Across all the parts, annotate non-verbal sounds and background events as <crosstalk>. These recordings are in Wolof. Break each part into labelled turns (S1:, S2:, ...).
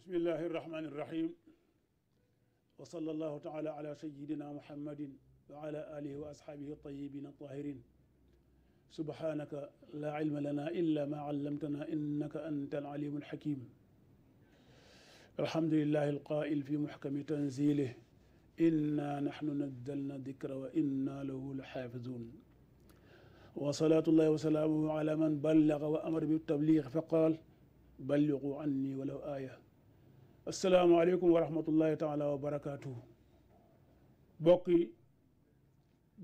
S1: bismillahi irrahmani irrahim wa salla allahu taala ala sayidina muhammadin wa ala alihi wa asxaabihi altayibin altahirin subhanaka laa ilma lana illa ma allamtana innaka anta alalimu alxakim alhamdulilahi alqail fi muxkami tanzilih inna naxnu nazzalna dikra wa inna lahu laxaafidun wa salaatu llahi wa salaamuhu ala man ballaga wa amara bi tabliix fa qaal balligu anni walaw aaya asalaamaaleykum wa rahmatullahi taala wa barakaatu bokk yi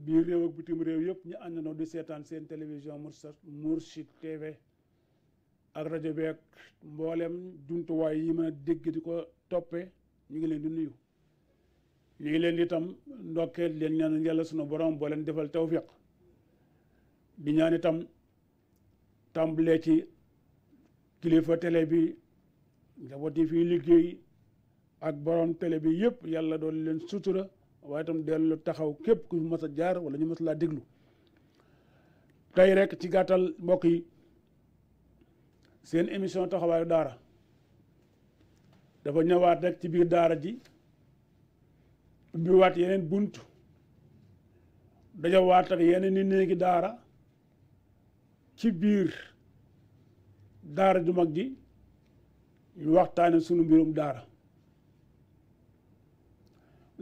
S1: biir réew ak bitim réew yëpp ñu ànd na di seetaan seen télévision Mourchid TV ak rajo beeg mboolem jumtuwaay yi mën dégg di ko toppee ñu ngi leen di nuyu. ñu ngi leen di itam ndokkeel leen ñaan yàlla sunu borom boo leen defal tawfiq bi ñaan itam tàmbalee ci kilifa tele bi. njaboot yi fii liggéey ak boroom tele bi yëpp yàlla doon leen sutura waaye itam dellu taxaw képp ku mës a jaar wala ñu mës laa déglu tey rek ci gàttal mbokk yi seen émission taxawaayu daara dafa ñëwaat rek ci biir daara ji ubbiwaat yeneen bunt dajawaat ak yeneen ni néegi daara ci biir daara ju mag ji ñu waxtaane sunu mbirum daara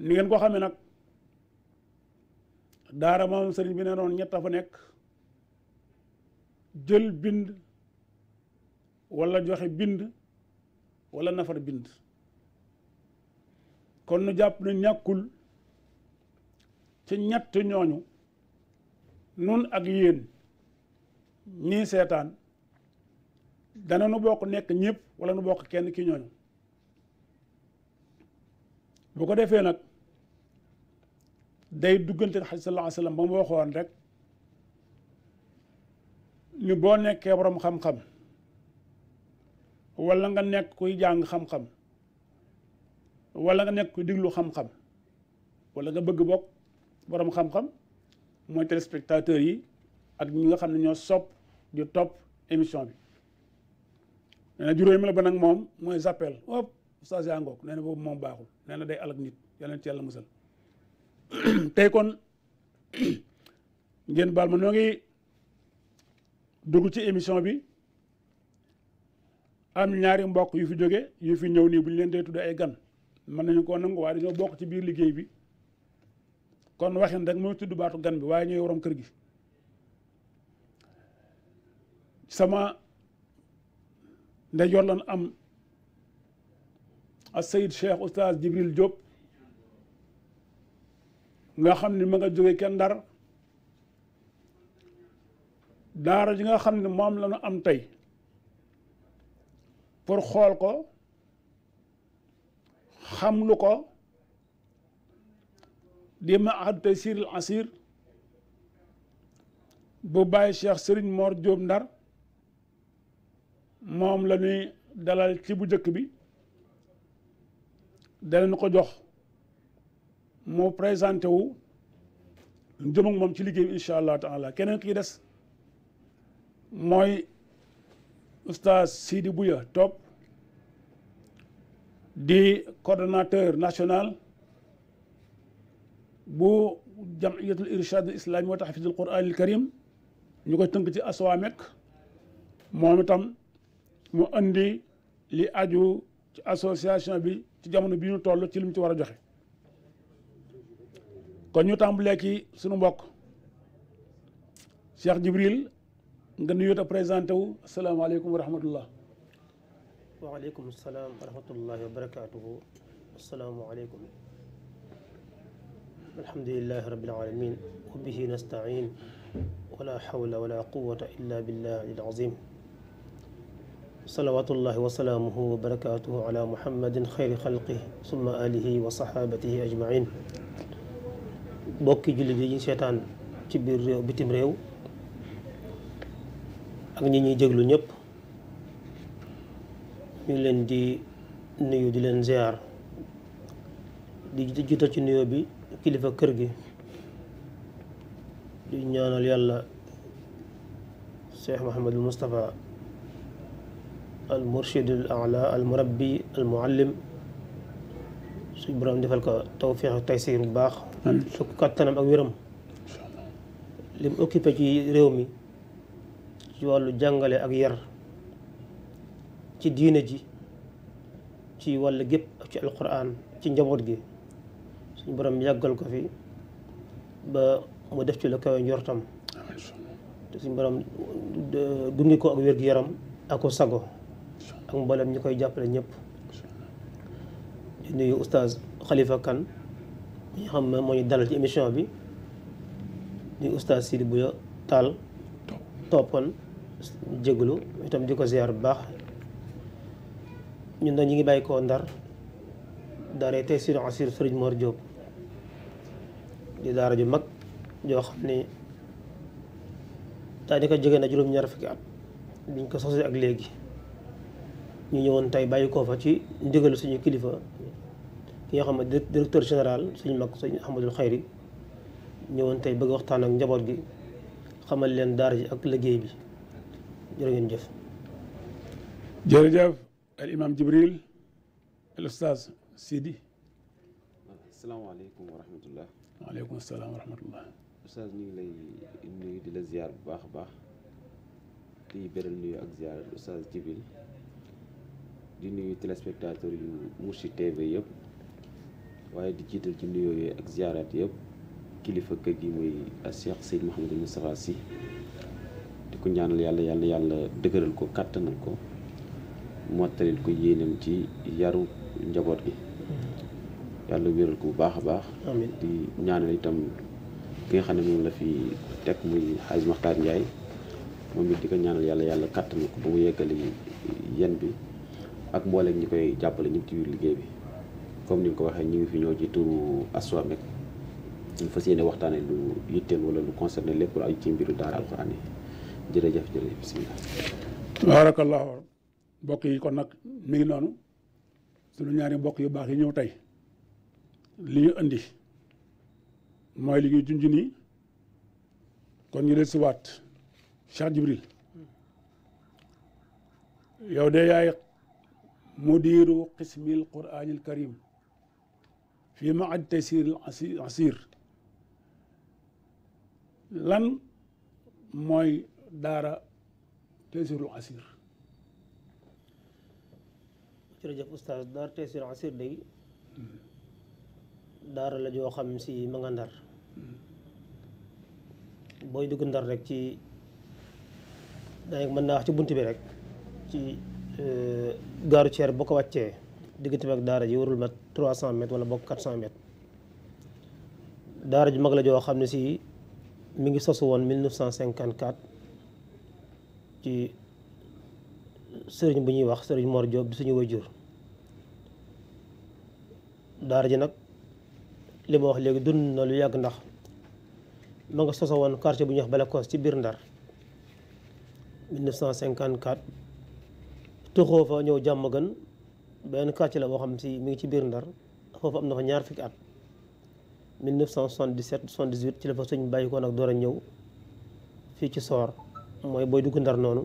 S1: ni ngeen ko xamee nag daara moom sëriñ bi ne ñett a fa nekk jël bind walla joxe bind walla nafar bind kon nu jàpp ne ñàkkul ci ñett ñooñu nun ak yéen ñii seetaan dana nu bokk nekk ñëpp wala nu bokk kenn ki ñooñu bu ko defee nag day duggante xaj sallallahu alayhi wasallam ba mu waxoon rek ñu boo nekkee borom xam-xam wala nga nekk kuy jàng xam-xam wala nga nekk kuy diglu xam-xam wala nga bëgg bokk borom xam-xam mooy téléspectateurs yi ak ñi nga xam ne ñoo sopp di topp émission bi nee na juróomi la ba nag moom mooy zappel hop oustaz yaa ngoog nee na boobu moom baaxul neena na day alak nit yàlla ci yàlla musal <clears throat> tey kon <clears throat> ngeen baal ma noo ngi dugg ci émission bi am ñaari mbokk yu fi jóge yu fi ñëw nii bu ñu leen dee tudde ay gan mën nañu koo nangu waaye dañoo bokk ci biir liggéey bi kon waxin rek mooy tudd baatu gan bi waaye ñooy waroom kër gi sama ndeyjoor lan am a sayid cheikh oustaz jibril diop nga xam ni ma nga jóge kenn ndar daara ji nga xam ne moom la am tey pour xool ko xam lu ko di ma ahad tey siril asir bu bàyyi cheikh sëriñ moor diop ndar moom la ñuy dalal ci bu njëkk bi danañ ko jox mu présenté wu jëm moom ci liggéey bi incha allah taala keneen kii des mooy oustaz Sidi Bouya toog di coordonnateur national bu jamiyatul irshad islami wa tahfidul quran al karim ñu koy tënk ci aswamek moom itam mu indi li aju ci association bi ci jamono bi ñu toll ci li mu ci war a joxe kon ñu tàmbalee ki suñu mbokk Cheikh Jibril nga nuyoo te présenté wu asalaamaaleykum wa rahmatullah
S2: waaleykum salaam wa rahmatullahi wa barakaatuhu asalaamaaleykum alhamdulilahi rabbil alamin wa bihi nastain wala hawla wala quwata illa billah al azim salawaatullahi wa salaamuhu wa barakaatuhu ala muhammadin xayri xalqi summa alihi wa saxaabatihi ajmain bokki jullit yi ñu seetaan ci biir réew bitim réew ak ñi ñuy jéglu ñëpp ñu leen di nuyu di leen ziar di jiital ci nuyoo bi kilifa kër gi di ñaanal yàlla Cheikh Mouhamadul Moustapha almurshid al ala al murabbi al muallim suñu defal ko tawfiix ak taysiir bu baax su kattanam ak wéram li mu occupé ci réew mi ci wàllu jàngale ak yar ci diine ji ci wàllu gépp ak ci alquran ci njaboot gi suñu borom yàggal ko fi ba mu def ci la kawe njortam te suñu borom dundi ko ak wér-gu-yaram ako sago ak mboolem ñi koy jàppale ñëpp di nuyu oustaz Khalifa Kane xam ne moo ñu dalal ci émission bi nuyu oustaz Sidi Bouya Tall toppoon jéglu itam di ko ziar bu baax ñun ñu ngi bàyyi koo ndar daara tey sino asir Serigne Mor Diop di daara ju mag joo xam ne daanaka jóge na juróom-ñaar fukki at biñ ko sosee ak léegi ñu ñëwoon tey bàyyi koo fa ci ndigalu suñu kilifa ki nga xam ne directeur général suñu mag suñu Ahmadul Xayri ñëwoon tey bëgg waxtaan ak njaboot gi xamal leen
S1: daara ji ak liggéey bi jërë ngeen jëf. jërëjëf al imam Jibril al ustaz Sidi.
S3: asalaamaaleykum wa rahmatullah. waaleykum salaam wa rahmatullah. ñu ngi lay di la ziar bu baax a baax di beral ak ziar ustaz Jibril. di nuyu téléspectateur yu Mourchid TV yëpp waaye di jiital ci nuyoo yooyu ak ziaraat yëpp kilifa kër gi muy Cheikh Seyd Mouhamadou Moustapha Sy di ko ñaanal yàlla yàlla yàlla dëgëral ko kàttanal ko mottalil ko yéenam ci yaru njaboot gi yàlla wéral ko bu baax a baax di ñaanal itam ki nga xam ne moom la fi teg muy Hadj Makhtar Ndiaye moom it di ko ñaanal yàlla yàlla kàttanal ko ba mu yeggali yen bi ak mboolem ñi koy jàppale ñu ngi ci liggéey bi comme ni nga ko waxee ñu ngi fi ñëw ci turu Aswamek ñu fas yéene waxtaanee lu yitteel wala lu concerné lépp lu aju ci mbiru daara alxuraan yi jërëjëf jërëjëf bisimilah.
S1: baarakallahu mbokk yi kon nag mi ngi noonu suñu ñaari mbokk yu baax yi ñëw tey li ñu indi mooy li ñuy junj nii kon ñu del si waat Cheikh Jibril yow de yaay mudiru qismil quraanil karim fii ma aj taysiril asir lan mooy daara taysirul asir
S2: jërëjëf oustaz daara taysirul asir day daara la joo xam si ma nga ndar booy dugg ndar rek ci daañu mën naa wax ci bunt bi rek ci Euh, gaaru ceer boo ko wàccee diggante ak daara ji warul mat 300 mètres wala boog 400 mètres daara ju mag la joo xam ne si mi ngi sosu woon 1954 ci sëriñ bu ñuy wax sëriñ Mor Diop di suñu wajur daara ji nag li ma wax léegi dund na lu yàgg ndax ma nga soso woon quartier bu ñuy wax Balakoos ci biir Ndar 1954 tuxoo fa ñëw jàmm gën benn quartier la boo xam si mu ngi ci biir ndar foofu am na fa ñaar fukki at 1977 78 ci la fa sëñ bàyyi ko nag door a ñëw fii ci soor mooy booy dugg ndar noonu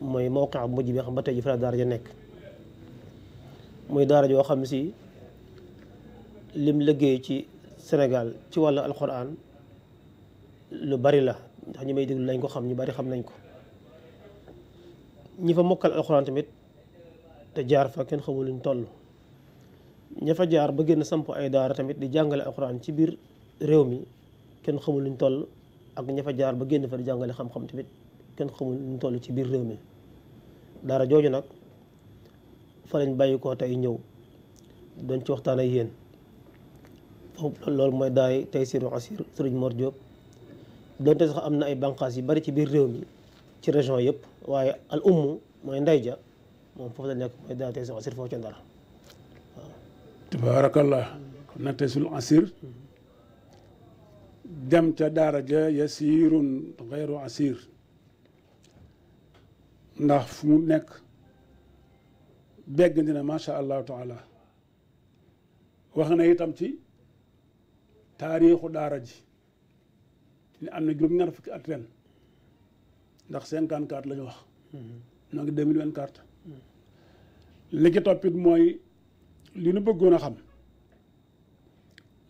S2: mooy mawqaa bu mujj bi xam ba tey ji fa la daara ja nekk muy daara joo xam si lim liggéey ci Sénégal ci wàllu alquran lu bari la ndax ñi may déglu nañ ko xam ñu bari xam nañ ko ñi fa mokkal alquran tamit te jaar fa kenn xamul luñ toll ña jaar ba génn samp ay daara tamit di jàngale alxuraan ci biir réew mi kenn xamul luñ toll ak ña jaar ba génn fa di jàngale xam-xam tamit kenn xamul luñ toll ci biir réew mi daara jooju nag fa lañ bàyyi tey ñëw doon ci waxtaan ak yéen foofu loolu mooy daay tey siru asir sëriñ Mor Diop doonte sax am na ay bànqaas yu bari ci biir réew mi ci région yëpp waaye al umm mooy ndey ja moom foofu la nekk mooy daal
S1: tey mm-hmm. sul asir ca mm-hmm. ndar dem ca daara ja yasirun xayru ndax fu mu nekk begg dina macha allahu taala wax na itam ci taarixu daara ji ni am na juróom-ñaar fukki at ren ndax cinquante quatre la ñu wax mm-hmm. noo ngi deux li mooy li nu bëggoon a xam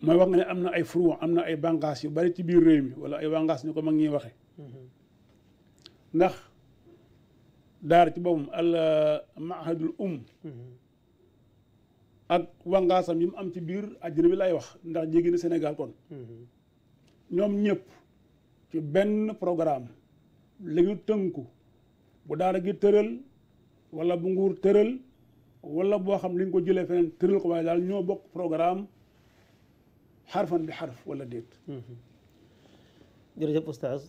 S1: mooy wax nga ne am na ay furu am na ay bànqaas yu bari ci biir réew mi wala ay bànqaas ñu ko mag ñuy waxe ndax daar ci boppam al uh, mahadul um ak wangaasam yi mu am ci biir àddina bi lay wax ndax jéggi na Sénégal kon ñoom ñëpp ci benn programme la ñu tënku bu daara gi tëral wala bu nguur tëral wala boo xam li nga ko jëlee feneen ko waaye daal ñoo bokk programme xarfan bi xarf wala déet jërëjëf oustaz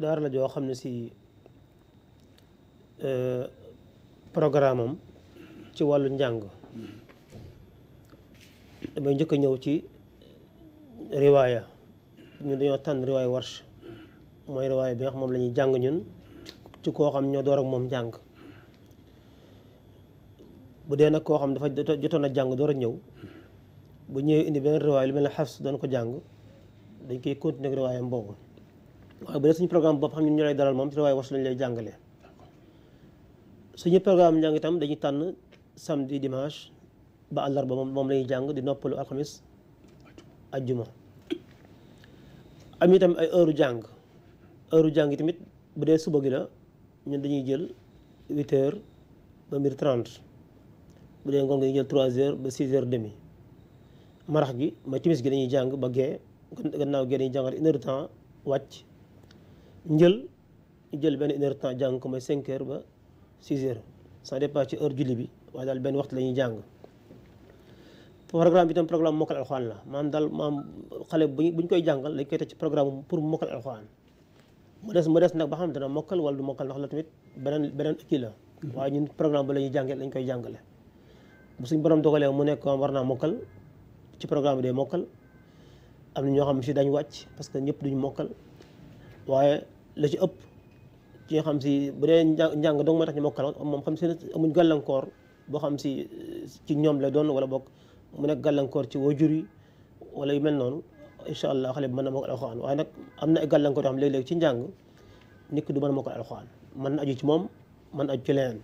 S1: daara la joo xam
S2: ne si euh, programme am ci wàllu njàng damay njëkk a ñëw ci riwaaya ñun dañoo tànn riwaaya warsh mooy riwaaya bi nga xam moom lañuy ñuy jàng ñun ci koo xam ñoo door moom njàng bu dee nag koo xam dafa jotoon a jàng door a ñëw bu ñëwee indi beneen riwaay lu mel ne xafs doon ko jàng dañ koy continuer ak riwaayam boobu waaye bu dee suñu programme bopp xam ñun ñu lay dalal moom ci riwaay was lañu lay jàngalee suñu programme njàng itam dañuy tànn samedi dimanche ba àllarba moom moom lañuy jàng di noppalu alxamis ajjuma am itam ay heure jàng heure jàng yi tamit bu dee suba gi la ñun dañuy jël huit bu dee ngoon nga jël 3 heures ba 6 heures demi marax gi ma timis gi dañuy jàng ba gee gannaaw gee dañuy jàngal une heure jël benn une heure temps jàng ko mooy 5 heures ba 6 heures sans départ ci heure julli bi waaye daal benn waxtu la ñuy jàng programme bi tam programme mokkal alxuraan la maam daal maam xale bu ñu koy jàngal lañ koy ci programme pour mokkal alxuraan mu des mu des nag ba xam dana mokkal wala du mokkal ndax la tamit beneen beneen kii la waaye ñun programme ba la ñuy jàngee lañ koy jàngale bu suñ borom dogalee mu nekk war naa mokkal ci programme bi mokkal am na ñoo xam si dañ wàcc parce que ñëpp duñ mokkal waaye la ci ëpp ci ñoo xam si bu dee njàng dong moo tax ñu mokkal moom xam si amuñ gàllankoor boo xam si ci ñoom la doon wala bokk mu nekk gàllankoor ci waajur yi wala yu mel noonu incha xale mën na mokkal alxuraan waaye am na ay gàllankoor yoo xam léeg-léeg ci njàng nit du mën a mokkal alxuraan mën na aju ci moom mën na aju ci leneen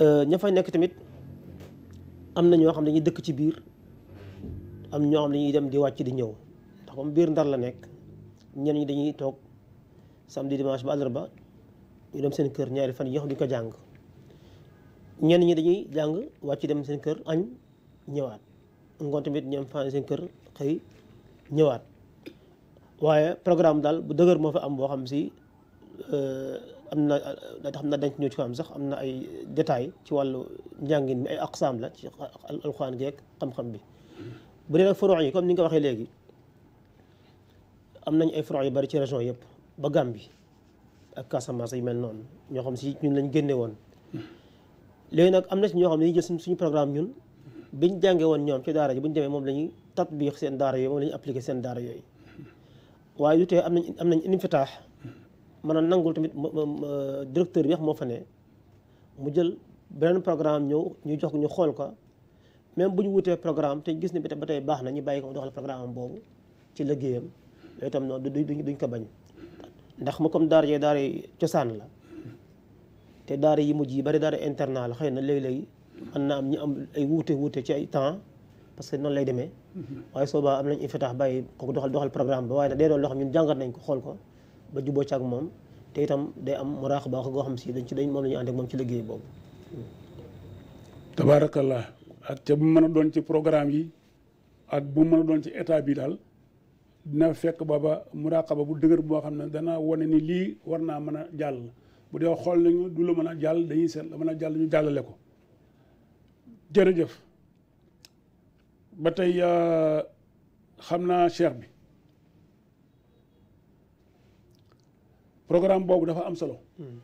S2: Euh, ña fa nekk tamit am na ñoo xam ne dañuy dëkk ci biir am ñoo xam ne dañuy dem di wàcc di ñëw ndax comme biir ndar la nekk ñenn ñi dañuy toog samedi dimanche ba àllarba ñu dem seen kër ñaari fan yi xam di ko jàng ñenn ñi dañuy jàng wàcc dem seen kër añ ñëwaat ngoon tamit ñoom fan seen kër xëy ñëwaat waaye programme daal bu dëgër moo fa am boo xam si euh, am na euh, xam na dañ ci ñëw ci ko am sax am na ay détails ci wàllu njàngin mi ay aqsaam la ci alxuraan geek xam-xam bi bu dee nag yi comme ni nga ko waxee léegi am nañ ay furu yu bari ci région yëpp ba Gambie ak Casamance yu mel noonu ñoo xam si ñun lañ génne woon léegi nag am na si ñoo xam ne dañuy jël suñu programme ñun biñ jànge woon ñoom ci daara ji buñ demee moom la ñuy tatbiix seen daara yooyu moom la ñuy seen daara yooyu waaye lu tee am nañ am nañ infitaax mën a nangul tamit directeur bi wax moo fa ne mu jël beneen programme ñëw ñu jox ñu xool ko même bu ñu wutee programme te gis ne bi ba tey baax na ñu bàyyi ko mu doxal boobu ci liggéeyam yooyu tam noonu duñ duñ ko bañ ndax ma comme daara yee cosaan la te daara yi mujj yi bari daara internat la xëy na léegi-léegi mën na am am ay wuute wuute ci ay temps parce que lay demee mm-hmm. waaye soobaa am nañ infitaax bàyyi kooku doxal doxal programme ba waaye nag dee doon loo xam ñun jàngat nañ ko xool ko ba juboo ci moom te itam day am muraaxaba goo xam si dañ ci dañ moom la ñu ànd ak moom ci liggéey boobu.
S1: tabaarakallah ak ca bu mën a doon ci programme yi ak bu mën a doon ci état bi daal dina fekk booba ba bu dëgër boo xam ne dana wane ni lii war naa mën a jàll bu dee xool nañu du la mën a jàll dañuy seet la mën a jàll ñu jàllale ko jërëjëf ba tey euh, xam naa cheikh bi. programme boobu dafa am solo hmm.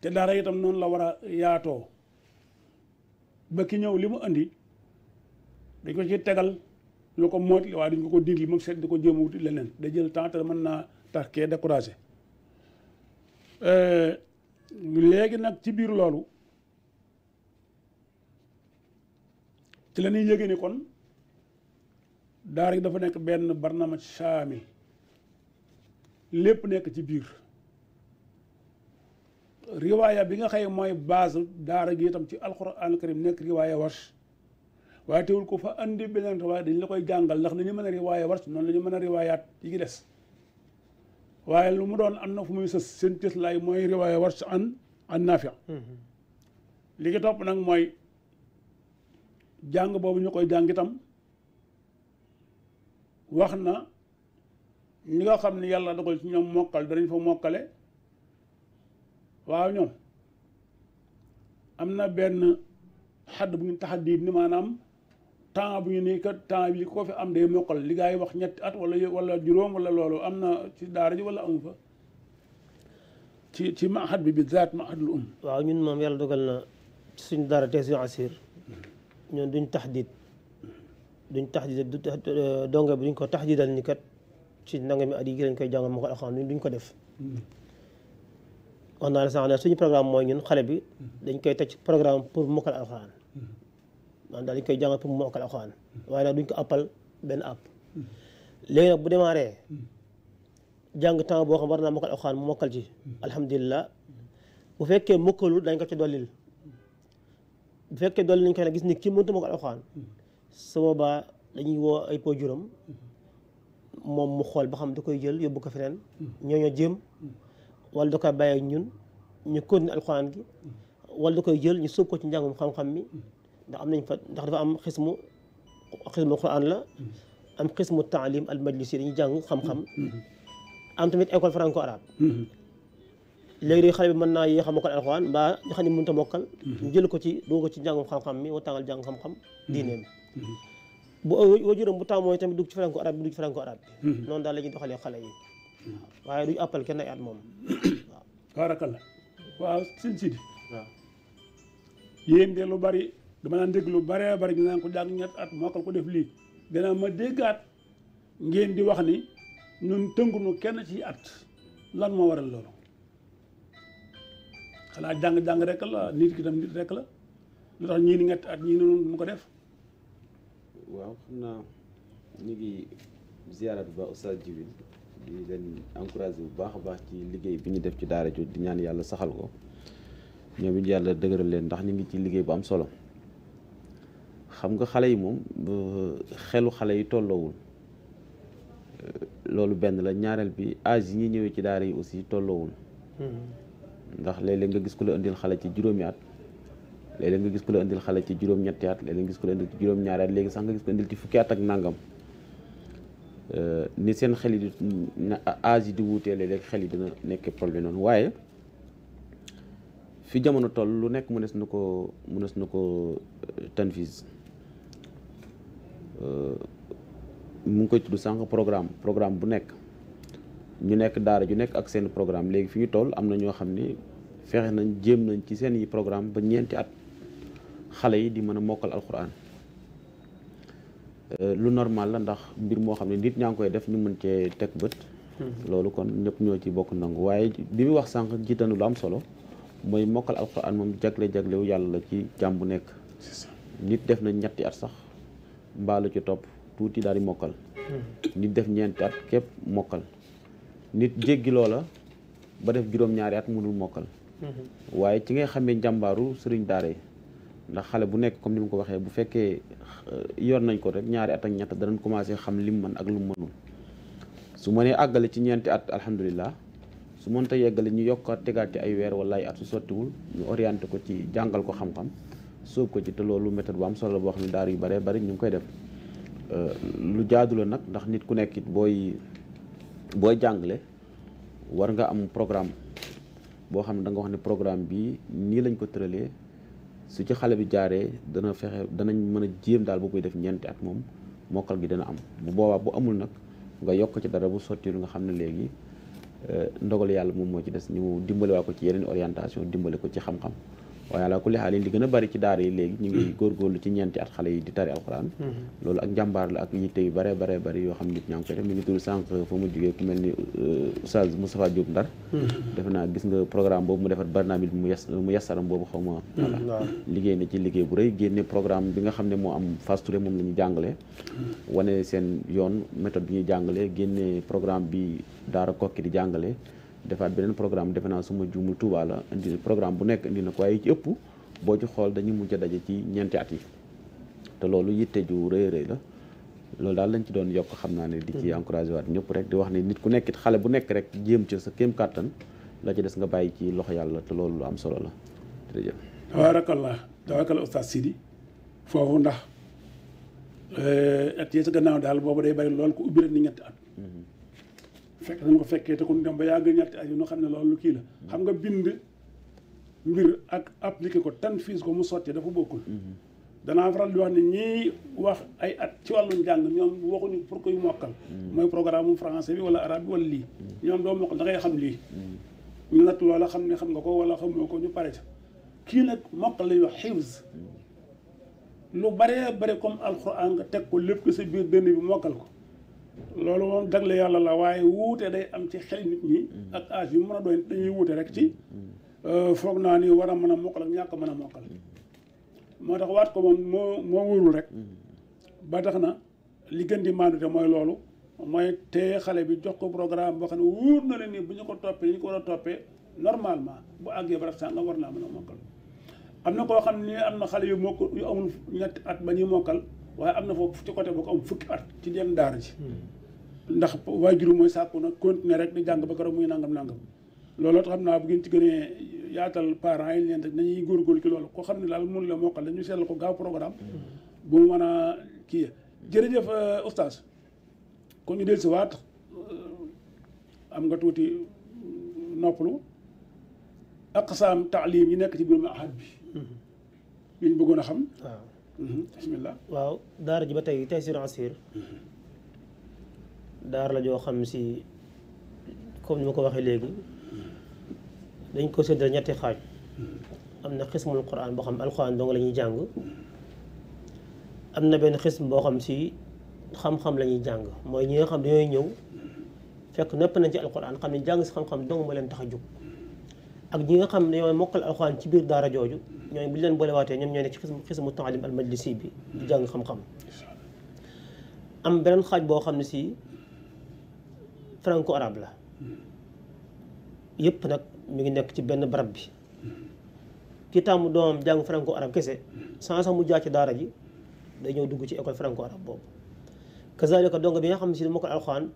S1: te daara itam noonu la war a yaatoo ba ki ñëw li mu andi dañ ko ci tegal lu ko moot waa duñ ko ko digli moom seet di ko jéem a leneen da jël temps te mën naa tax kee découragé euh, léegi nag ci biir loolu ci la ñuy yëgee ni kon daara gi dafa nekk benn barnaama saamil lépp nekk ci biir riwaaya bi nga xëy mooy base daara gi itam ci alxuraan karim nekk riwaaya warsh waaye teewul ko fa andi beneen riwaaya dañ la koy jàngal ndax ni ñu mën a riwaaya warsh noonu la ñu mën a riwaayaat yi ngi des waaye lu mu doon am na fu muy sës seen teslaay mooy riwaaya warsh an an naafia li ngi topp nag mooy jàng boobu ñu koy jàng itam wax na ñi nga xam ne yàlla dogal ci ñoom mokkal danañ fa mokkale waaw ñoom am na benn xadd bu ñu tax a ni maanaam temps bu ñu nii kat temps bi ko fi am day mokkal li yi wax ñetti at wala wala juróom wala loolu am na ci daara ji wala amu fa ci ci maxat bi bi zaat maxatul
S2: um waaw ñun moom yàlla dogal na suñ daara tees yu asir ñoom duñ tax diit duñ tax diit donga bi duñ ko tax diital ni kat ci nangami at yi gis nañ koy jàngal mokkal alxuraan duñ ko def mm-hmm. wax naa la sax ne suñu programme mooy ñun xale bi mm-hmm. dañ koy teg programme pour mokkal alxuraan mm-hmm. maanaam daal koy jàngal waaye nag duñ ko appal benn app léegi bu démarré jàng temps boo xam war naa mokkal alxuraan mu mokkal ci alhamdulilah bu fekkee mokkalul dañ ko ci dollil bu fekkee dolli nañ ko nag gis ni kii mënut mokkal alxuraan su boobaa dañuy woo ay po moom mu xool ba xam da koy jël yóbbu ko feneen ñooñu jëm wala da koy bàyyi ñun ñu continuer alxuraan gi wala da koy jël ñu sóob ko ci njàngum xam-xam mi ndax am nañ fa ndax dafa am xismu xismu alxuraan la am xismu taalim al majlis yi dañuy jàng xam-xam am tamit école franco arabe léegi day xale bi mën naa yéex a mokkal alxuraan mbaa ñu xam ne mënut mokkal mm-hmm. ñu jël ko ci dugg ci njàngum xam-xam mi wa tàngal jàng xam-xam diineem bu wajuram bu tàmmooy tamit dugg ci franco arabe bi dugg ci franco arabe bi hmm. Hmm. noonu daal la doxalee xale yi
S1: hmm. waaye duñu appal kenn ay at moom <coughs> waaw baarakallah waaw sin sidi yéen de lu bari dama daan dégg lu baree bari ñu naan ko jàng ñett at ko def lii danaa ma déggaat ngeen di wax ni ñun tënkuñu kenn ci at lan moo waral loolu xanaa jàng-jàng rek la nit ki tam nit rek la lu tax ñii ni ñett at ñii ni noonu ko def
S4: waaw
S3: xam naa ñu ngi ziyaara bu baax Oustaz Djibril di leen encouragé bu baax a baax ci liggéey bi ñu def ci daara ju di ñaan yàlla saxal ko ñoom it yàlla dëgëral leen ndax ñu ngi ci liggéey bu am solo xam nga xale yi moom xelu xale yi tolloowul loolu benn la ñaareel bi âge yi ñuy ñëwee ci daara yi aussi tolloowul hmm. ndax léeg-léeg nga gis ku la indil xale ci juróomi at léeg-léeg nga gis ko la indil xale ci juróom-ñetti at léeg-léeg nga gis ku la indil ci juróom-ñaari at léegi sax nga gis ko indil ci fukki at ak nangam euh, ni seen xel yi di âge yi di wuutee léeg-léeg xel yi dina nekk problème noonu waaye fi jamono toll lu nekk mënees na ko mënees na ko euh, tanfis euh, mu ngi koy tudd sànq programme programme bu nekk ñu nekk daara ju nekk ak seen programme léegi fi ñu toll am na ñoo xam ni fexe nañ jéem nañ ci seen yi programme ba ñeenti at xale yi di mën a mokkal alxuraan euh, lu normal la ndax mbir moo xam ne nit ñaa ngi koy def ñu mën cee teg bët. Mhm. loolu kon ñëpp ñoo ci bokk nangu waaye li muy wax sànq jiital lu am solo mooy mokkal alxuraan moom jagle jaglewu yàlla la ci jàmm bu nekk. nit def na ñetti at sax mbaalu ci topp tuuti daal di mokkal. Mhm. nit def ñeent at képp mokkal. nit jéggi loola ba def juróom-ñaari at mënul mokkal. Mhm. waaye ci ngay xamee njàmbaaru sëriñ daara ndax xale bu nekk comme ni ma ko waxee bu fekkee euh, yoon nañ ko rek ñaari at ak ñett danañ commencé xam lim mën ak lu mu mënul su mënee àggalee ci ñeenti at alhamdulillah su mënta yeggale ñu yokkaat tegaat ci ay weer wala ay at su sottiwul ñu orienté ko ci jàngal ko xam-xam sóob ko ci te loolu méthode bu am solo boo xam ne daar yu bare bëri ñu ngi koy def euh, lu jaadu nag ndax nit ku nekk it booy booy jàngale war nga am programme boo xam ne danga nga wax ne programme bi nii lañ ko tëralee su ci xale bi jaaree dana fexe danañ mën a jéem daal bu koy def ñeenti at moom mokkal gi dana am bu boobaa bu amul nag nga yokk ci dara bu sottilu nga xam ne léegi euh, ndogalu yàlla moom moo ci des ñu dimbale waa ko ci yeneen orientation dimbale ko ci xam-xam waaye ala kulli xaal li gën a bari ci daara yi léegi ñu ngi góorgóorlu ci ñeenti at xale yi di tari alxuraan mm-hmm. loolu ak njàmbaar la ak te yu bare bare bari yoo xam nit ñaa ngi koy def mu jógee ku mel ni euh, Oustaz Moustapha Diop Ndar mm-hmm. def naa gis nga programme boobu mu defar barnaamij mu yes mu yasaram boobu xaw ma mm-hmm. voilà liggéey na ci liggéey bu rey génne programme bi nga xam ne moo am Fass Touré moom la ñu jàngale wane seen yoon méthode bi ñuy jàngale génne programme bi daara kokki di jàngale defaat beneen programme defe naa suma juumul Touba la indi programme bu nekk indi na ko waaye ci ëpp boo ci xool dañuy mujj a daje ci ñeenti at yi te loolu yitte ju rëy rëy la loolu daal lañ ci doon yokk xam naa ne di ci mm. encouragé waat ñëpp rek di wax ne nit ku nekkit xale bu nekk rek jéem ci sa kéem kàttan la ci des nga bàyyi ci loxo yàlla te loolu lu am solo la jërëjëf
S1: tabaarakallah tabaarakallah oustaz Sidi foofu ndax eh, at yee sa gannaaw daal boobu day bari loolu ko ubbi rek ni ñetti at mm-hmm. fekk nañ ko fekkee te kon dem ba yàgg ñetti at yi ñu xam ne loolu kii la xam nga bind mbir ak appliqué ko tan fiis ko mu sottee dafa bokkul danaa faral di wax ne ñii wax ay at ci wàllu njàng ñoom waxuñu pour koy mokkal mooy programme mu français bi wala arabe bi wala lii ñoom doo mokkal da ngay xam lii ñu natt loola xam ne xam nga ko wala xamoo ko ñu pare ca kii nag mokkal la wax xifz lu bare bare comme alxuraan nga teg ko lépp ko biir dënn bi mokkal ko loolu moom dagle yàlla la waaye wuute day am ci xel nit ñi ak âge yu mën a doon dañuy wuute rek ci euh, foog naa ni war a mën a mokkal ak ñàkk mën a mokkal moo tax waat ko moom moo moo rek ba na li di maandute mooy loolu mooy téye xale bi jox ko programme boo xam ne wóor na bu ñu ko toppee ñu ko war a toppee normalement bu àggee barab sax nga war naa mën a mokkal am na koo xam ne am na xale yu mokk yu amul ñetti at ba ñuy mokkal waaye am na foofu ci côté boo ko am fukki at ci jenn daar ji
S4: hmm.
S1: ndax waajur mooy sàkku na continuer rek di jàng ba keroog muy nangam nangam looloo tax xam naa bu ngeen ci gënee yaatal parent yi leen rek góor góorgóorlu ci loolu ko xam ne daal mun la mokkal dañu seetal ko gaaw programme hmm. bu mu mën a kii jërëjëf euh, oustaz kon ñu del si waat euh, am nga tuuti noppalu aqsaam taalim yi nekk ci biir ahad bi hmm. liñ bëggoon a xam bismillah
S2: waaw daara ji ba tey Taysiroul Assir daara la joo xam si comme ni ma ko waxee léegi dañ ko séddale ñetti xaaj am na xismul quran boo xam alquran dong la ñuy jàng am na benn xism boo xam si xam-xam la ñuy jàng mooy ñi nga xam dañooy ñëw fekk nëpp nañ ci alquran xam ne jàng si xam-xam dong ma leen tax a jóg ak ñi nga xam ne ñooy mokkal alxuraan ci biir daara jooju ñooy bu ñu leen boolewaatee ñoom ñooy nekk ci xismu taalim al majlisi bi di xam-xam am beneen xaaj boo xam ne si franco arabe la yépp nag mu ngi nekk ci benn barab bi ki tàmm doomam jàng franco arabe kese sans sax mu jaar ci daara ji day ñëw dugg ci école franco arabe boobu kazalika donc bi nga xam ne si mokkal alxuraan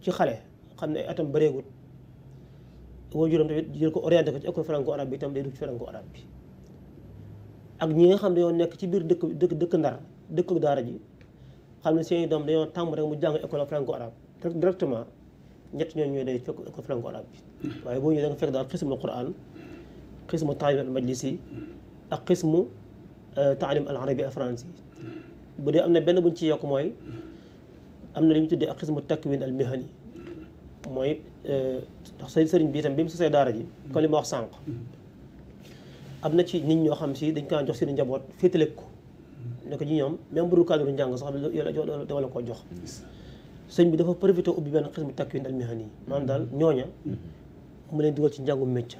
S2: ci xale xam ne ay atam bëreegut ku ko juróom tamit jël ko orienté ko ci école franco arabe bi itam day dugg ci franco arabe bi ak ñi nga xam yoo nekk ci biir dëkk dëkk dëkk ndar dëkk daara ji xam ne seeni doom dañoo tàmm rek mu jàng école franco arabe directement ñett ñooñu ñooy day fekk école bi waaye boo ñëwee da nga fekk daal xismu quran xismu taalim al majlisi ak xismu euh, taalim al arabi al faransi bu dee am na benn buñ ci yokk mooy am na li ñu tuddee ak xismu takwin al mihani mooy euh, ndax sëriñ bi itam bi mu sosee daara ji mm-hmm. comme wax sànq
S4: mm-hmm.
S2: am na ci nit ñoo xam si dañ kaa jox seen njaboot féetale ko mm-hmm. ne ko ñi ñoom même bu dul cadre njàng sax yow la koo jox sëñ bi dafa profité ubbi benn xismu takwin al mihani yi maanaam daal ñooña mu leen dugal ci njàngum mécc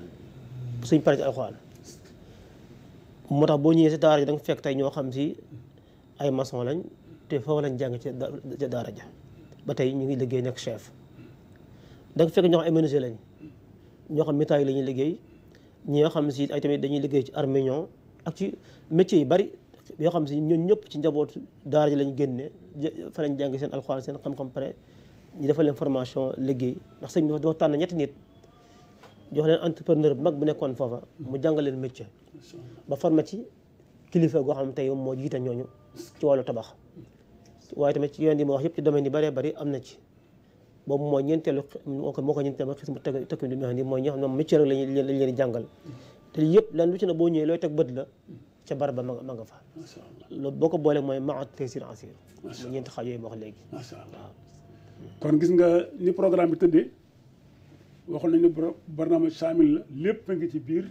S2: suñ pare ci alxuraan moo tax boo ñëwee si daara ji da fekk tey ñoo xam si ay maçon lañ te foofu lañ jàng ci daara ja ba tey ñu ngi liggéey nekk chef da nga fekk ñoo xam ay menuisier lañ ñoo xam métal yi la ñuy liggéey ñi nga xam si ay tamit dañuy liggéey ci arménion ak ci métier yu bari yoo xam si ñun ñëpp ci njaboot daara ji lañ génne fa lañ jàng seen alxuraan seen xam-xam pare ñu defal leen formation liggéey ndax sëñ bi dafa tànn ñetti nit jox leen entrepreneur bu mag bu nekkoon foofa mu jàngal leen métier ba formé ci kilifa goo xam tey moom moo jiite ñooñu ci wàllu tabax waaye tamit ci yoon yi ma wax yëpp ci domaine yi bëree am na ci boobu mooy ñeenteelu moo ko moo ko ñeenteelu xismu takk di mooy ñoo jàngal te yëpp lan lu ci ne boo ñëwee looy teg bët la ca barab ba fa loolu boo ko boolee mooy maat tesir asir mu ñeenti
S1: xaaj yooyu ma wax léegi kon gis nga ni programme bi tëddee waxoon nañu ne barnaama saamil la lépp a ngi ci biir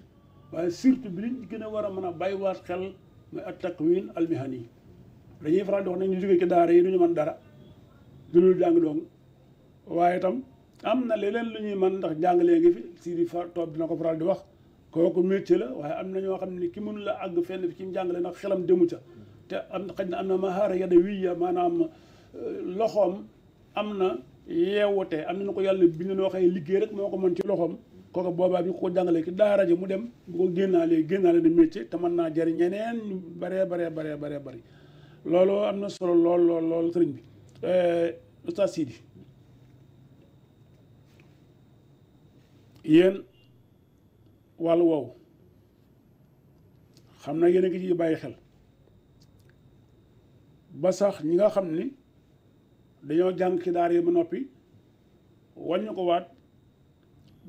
S1: waaye surtout bi liñ gën a war a mën a bàyyiwaat xel mooy at taqwin almihani dañuy faral di wax ne ñu jógee ci daara yi duñu mën dara du lu jàng doon waaye itam am na leneen lu ñuy mën ndax jàngalee ngi fi si di fa toog dina ko faral di wax kooku métier la waaye am na ñoo xam ne ki mënul a àgg fenn fi ci jàngale ndax xelam demu ca te am xëy na am na mahaara yada wiya maanaam euh, loxoom am na yeewute am na nu ko yàlla bind noo xëy liggéey rek moo ko mën ci loxoom kooku boobaa bi ko jàngalee ki daara ji mu dem bu ko génnaalee génnaa ne métier te mën naa jariñ ñeneen ñu baree baree baree baree bëri loolu am na solo lool lool lool sëriñ bi euh, oustaz Sidi yéen wàllu woowu xam na yéen a ngi bàyyi xel ba sax ñi nga xam ni dañoo jàng ci daara yi ba noppi wàññu ko waat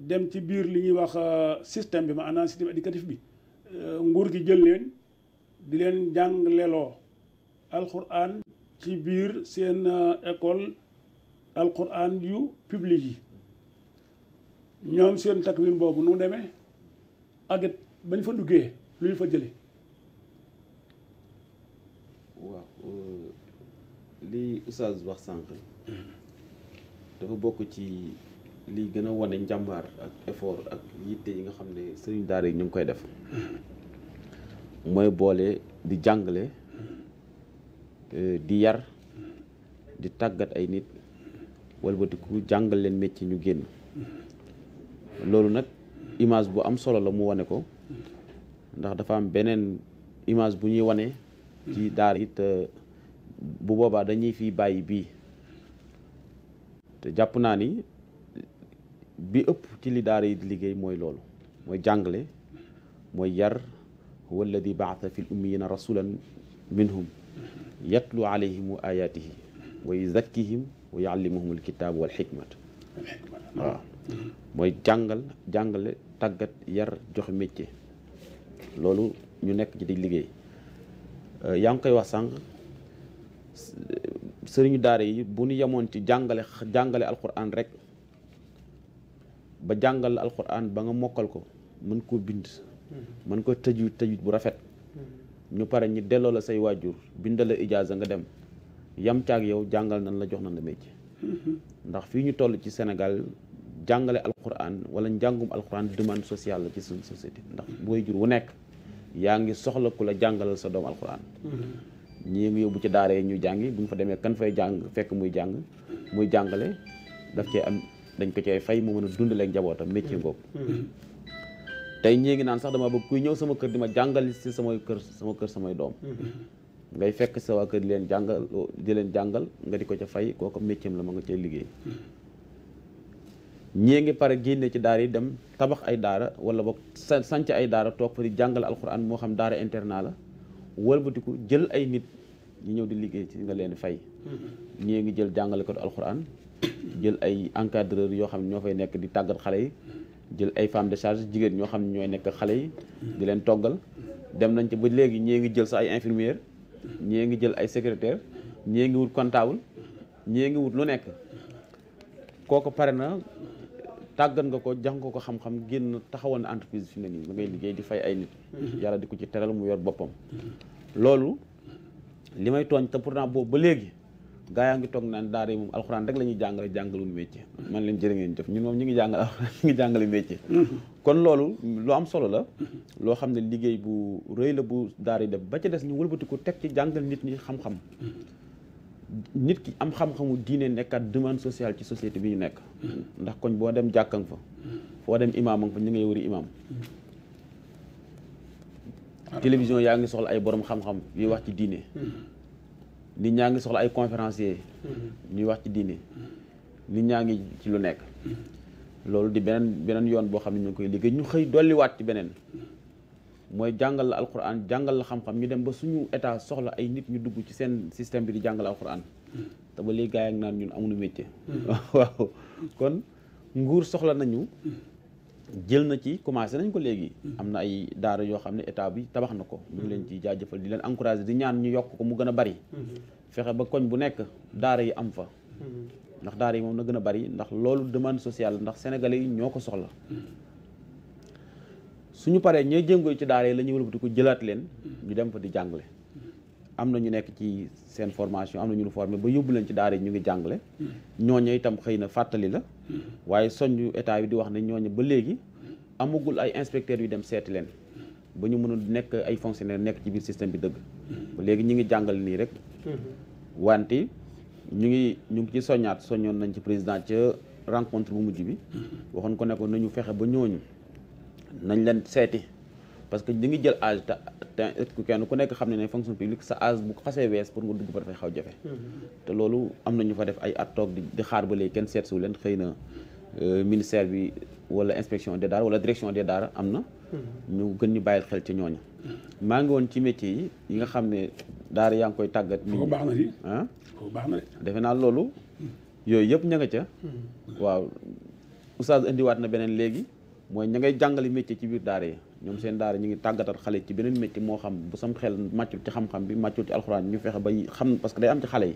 S1: dem ci biir li ñuy wax euh, système bi maanaam système éducatif bi euh, nguur gi jël leen di leen jàng leloo alquran ci biir seen euh, école alquran yu publique yi ñoom seen takwin boobu nu demee ak bañ fa duggee lu fa jële
S3: waaw euh, li Oustaz wax sànq dafa bokk ci li gën a wane njàmbaar ak effort ak yitte yi nga xam ne sëriñ daara yi ñu ngi koy def mooy boole di jàngale euh, di yar di tàggat ay nit walbatiku jàngal leen métier ñu génn. loolu nag image bu am solo la mu wane ko ndax dafa am beneen image bu ñuy wane ci daara it bu boobaa dañuy fi bàyyi bii te jàpp naa ni bi ëpp ci li daara yi liggéey mooy loolu mooy jàngale mooy yar huwa alladi baata fi l ummiyina rasulan minhum yatlu alayhim ayatihi wa yuzakkihim wa yuallimuhum alkitaab wal xikmata mooy jàngal jàngale tàggat yar joxe métier loolu ñu nekk ci di liggéey euh, yaa ngi koy wax sànq sëriñu daara yi bu ñu yemoon ci jàngale jàngale alxuraan rek ba jàngal alxuraan ba nga mokkal ko mën koo bind mën ko tëju tëju bu rafet ñu pare ñi delloo la say waajur bindal la ijaaza nga dem yam caag yow jàngal nan la jox na la métier mm-hmm. ndax fii ñu toll ci Sénégal jàngale alquran wala njàngum alquran demande social la ci suñ société ndax booy jur wu nekk yaa ngi soxla ku la jàngalal sa doom alquran
S4: mm-hmm.
S3: ñii ngi ci daaree ñu jàngi bu ñu fa demee kan fay jàng fekk muy jàng muy jàngale daf cee am dañ ko cee fay mu mën a dundaleeg njabootam métier ngoog mm-hmm. mm-hmm. tey ñii ngi naan sax dama bëgg kuy ñëw sama kër di ma jàngal si samay kër sama kër samay doom ngay fekk sa waa kër leen jàngal di leen jàngal nga di ko ca fay kooku métier la ma nga cee liggéey ñii ngi pare génne ci daara yi dem tabax ay daara wala boog sanc ay daara toog fa di jàngal alxuraan moo xam daara internat la walbatiku jël ay nit ñu ñëw di liggéey ci nga leen fay mm-hmm. ñii ngi jël jàngalekatu alxuraan jël ay encadreur yoo xam ne ñoo fay nekk di tàggat xale yi jël ay femme de charge jigéen ñoo xam ne ñooy nekk xale yi di leen toggal dem nañ ci ba léegi ñii ngi jël sax ay infirmière ñii ngi jël ay secrétaire ñii ngi wut comptable ñii ngi wut lu nekk tàggat nga ko jàng ko ko xam-xam génn taxawal na entreprise fi ne nii ba ngay liggéey di fay ay nit mhm. yàlla di ko ci teral mu yor boppam loolu li may tooñ te pour pourtant boobu ba léegi gaa yaa ngi toog naan daara yi moom alxuraan rek la ñuy jàngale jàngalul métier man leen jërë ngeen def ñun moom ñu ngi jàngal alxuraan jàngale métier mhm. kon loolu lu am solo la mhm. loo xam ne liggéey bu rëy la bu daara def ba ca des ñu wëlbatiku teg ci jàngal nit ñi xam-xam nit ki am xam-xamu diine nekkaat demande sociale ci société bi ñu nekk ndax koñ boo dem jàkkan fa foo dem imaam nga fa ñu ngay wëri imaam télévision yaa ngi soxla ay boroom xam-xam yuy wax ci diine nit ñaa ngi soxla ay conférencier ñuy wax ci diine nit ñaa ngi ci lu nekk loolu di beneen beneen yoon boo xam ne ñu ngi koy liggéey ñu xëy dolliwaat ci beneen mooy jàngal la alquran jàngal la xam-xam ñu dem ba suñu état soxla ay nit ñu dugg ci seen système bi di jàngal alquran te ba léegi gars yi ak naan ñun amuñu métier. Hmm. <laughs> waaw kon nguur soxla nañu. jël na ci commencé nañ ko léegi. Hmm. am na ay daara yoo xam ne état bi tabax na ko. Hmm. ñu ngi leen ci jaajëfal di leen encouragé di ñaan ñu yokk ko mu gën a bari. fexe ba koñ bu nekk daara yi am fa. ndax daara yi moom na gën a bari ndax loolu demande sociale ndax sénégalais yi ñoo ko soxla. suñu paree ñooy jëngoo ci daara yi la ñuy wëlbati ko jëlaat leen ñu dem fa di jàngale am na ñu nekk ci seen formation am na ñu nu formé ba yóbbu leen ci daara yi ñu ngi jàngale ñooñu itam xëy na fàttali la waaye soññ état bi di wax ne ñooñu ba léegi amagul ay inspecteurs yu dem seeti leen ba ñu mënul nekk ay fonctionnaire nekk ci biir système bi dëgg ba léegi ñu ngi jàngale nii rek wante ñu ngi ñu ngi ci soññaat soññoon nañ ci président ca rencontre bu mujj bi waxoon ko nekkoon ko nañu fexe ba ñooñu nañ leen seeti parce que ñu ngi jël âge te te kenn ku nekk xam ne ne fonction publique sa âge bu ko xasee wees pour nga dugg fa dafay xaw jafe. Mm-hmm. te loolu am na ñu fa def ay at toog di xaar ba léegi kenn seet su leen xëy na euh, ministère bi wala inspection de daara wala direction de daara am na.
S1: Mm-hmm.
S3: ñu gën ñu bàyyi xel ci ñooñu. maa ngi woon ci métier yi yi nga xam ne daara yaa ngi koy tàggat. nit baax na di ah. baax na defe naa loolu. Mm. yooyu yëpp ña nga ca. Mm. waaw oustaz indiwaat na beneen léegi. mooy ña ngay jàngale métier ci biir daara yi ñoom seen daara ñu ngi tàggatal xale ci beneen métier moo xam bu sam xel màccul ci xam-xam bi màccul ci alxuraan ñu fexe ba xam parce que day am ci xale yi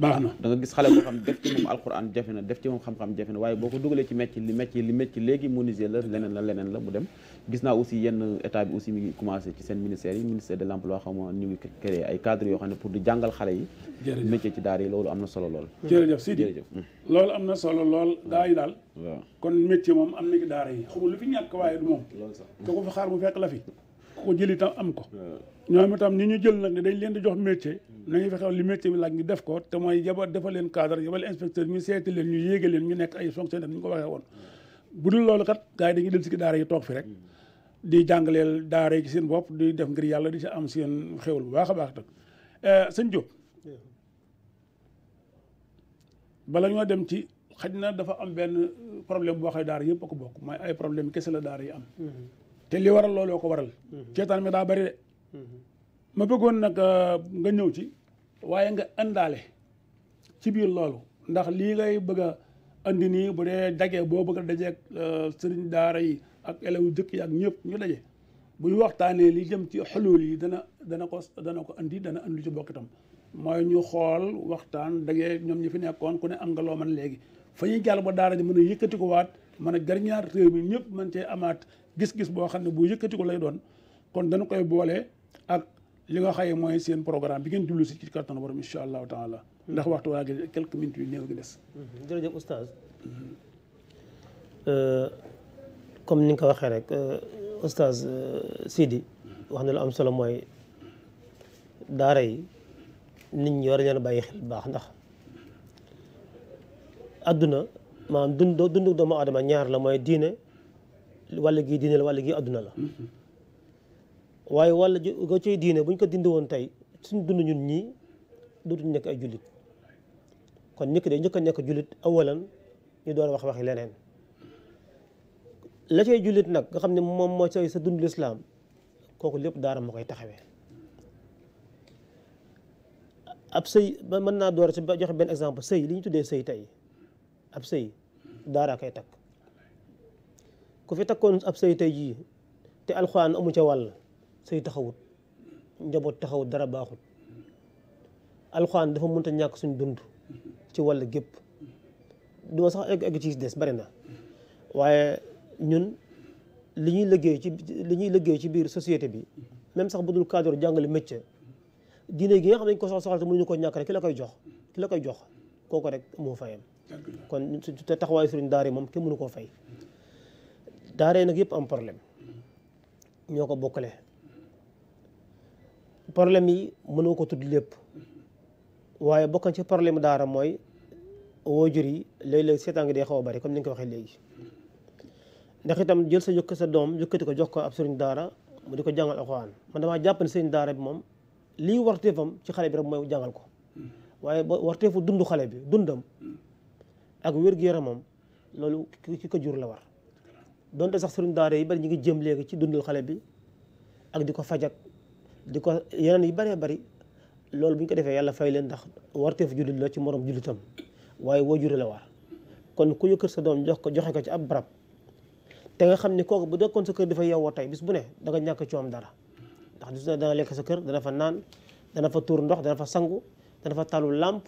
S3: baax na da nga gis xale boo xam def ci moom alxuraan jafe def ci moom xam-xam jafe na waaye boo ko dugalee ci métier li métier li métier léegi menuisier la leneen la leneen la mu dem gis naa aussi yenn état bi aussi mi ngi commencé ci seen ministère yi ministère de l'emploi xam nga ñu ngi créé ay cadres yoo xam ne pour di jàngal xale yi métier ci daara yi loolu am na solo lool jërëjëf
S1: na solo lool daa yi daal waaw kon métier moom am na ci daara yi xamul lu fi ñàkk waaye du moom loolu ko fa xaar mu fekk la fi ko jël tam am ko ñoom itam ñi ñu jël nag ne dañ leen di jox métier nañu fexe li métier bi laaj ñu def ko te mooy yabal defal leen cadre yabal inspecteur ñu seeti leen ñu yéege leen ñu nekk ay fonctionnaire ni ñu ko waxee woon bu dul loolu kat fi rek mm. di jàngaleel daara yi seen bopp di def ngir yàlla di si am seen xewal bu baax a baax nag eh, sëñ Diop bala ñoo dem ci xaj na dafa am benn problème boo xam ne daara yëpp a ko bokk mooy ay problème kese la daara yi am. te li waral looloo ko waral. ceetaan mi daa bari de. ma bëggoon nag eh, nga ñëw ci waaye nga indaale ci biir loolu ndax lii ngay bëgg a andi nii bu dee dagee boo bëgg a dajeeg eh, sëriñ daara yi. ak élèves yu jëkk yi ak ñëpp ñu daje bu ñu waxtaanee li jëm ci xulul yi dana dana ko dana ko andi dana andi lu ci bokk mooy ñu xool waxtaan dagee ñoom ñi fi nekkoon ku ne am nga loo mën léegi fa ñuy jàll ba daara ji mën a yëkkati ko waat mën a garñaar réew mi ñëpp mën cee amaat gis-gis boo xam ne boo yëkkati ko lay doon kon dana koy boole ak li nga xaye mooy seen programme bi ngeen jullu si ci kattanu borom incha allahu taala ndax waxtu waa gi quelques minutes yu néew gi des mm-hmm. jërëjëf
S2: comme ni nga ko waxee rek euh, oustaz euh, Sidi wax na lu am solo mooy daara yi nit ñi war leen bàyyi xel bu baax ndax adduna maanaam dund doomu adama ñaar la mooy diine wàll gi diine la wàll gi adduna la waaye walla go ci diine bu ñu ko dindi woon tey suñ dund ñun ñii dootuñu nekk ay jullit kon ñëkk de njëkk a nekk jullit awalan ñu door wax waxi leneen la cay jullit nag nga xam ne moom moo say sa dund lislaam kooku lépp daara moo koy taxawee ab sëy ba mën naa door si ba joxe benn exemple sëy li ñu tuddee sëy tey ab sëy daara koy takk ku fi takkoon ab sëy tey jii te alxuraan amu ca wàll sëy taxawut njaboot taxawut dara baaxut alxuraan dafa mënta ñàkk suñ dund ci wàll gépp duma sax egg egg ci des bari na waaye ñun li ñuy liggéey ci li ñuy liggéey ci biir société bi même sax bu dul cadre jàngale métier diine gi nga xam ne dañ ko soxla soxla te mënuñu ko ñàkk rek ki la koy jox ki la koy jox kooku rek moo fayam kon te taxawaayu sëriñ daara moom kenn mënu koo fay daara nag yëpp am ñoo ko bokkale problème yi mënoo ko tudd lépp waaye bokkan ci problème daara mooy waajur yi léeg-léeg seetaan gi day xaw a bari comme ni nga ko waxee léegi ndax itam jël sa yëkk sa doom yëkkati ko jox ko ab sëriñ daara mu di ko jàngal alxuraan man damaa jàpp ne sëriñ daara bi moom lii warteefam ci xale bi rek mooy jàngal ko waaye ba warteefu dund xale bi dundam ak wér-gu-yaramam loolu ki ko jur la war donte sax sëriñ daara yi bari ñu ngi jëm léegi ci dundal xale bi ak di ko fajak di ko yeneen yi bëree bari loolu bu ñu ko defee yàlla fay leen ndax warteefu jullit la ci morom jullitam waaye woo jur la war kon ku yëkkat sa doom jox ko joxe ko ci ab barab te nga xam ne kooku bu dëkkoon sa kër dafa yeewoo tey bis bu ne danga ñàkk ci am dara ndax bis bu ne lekk sa kër dana fa naan dana fa tuur ndox dana fa sangu dana fa talu làmp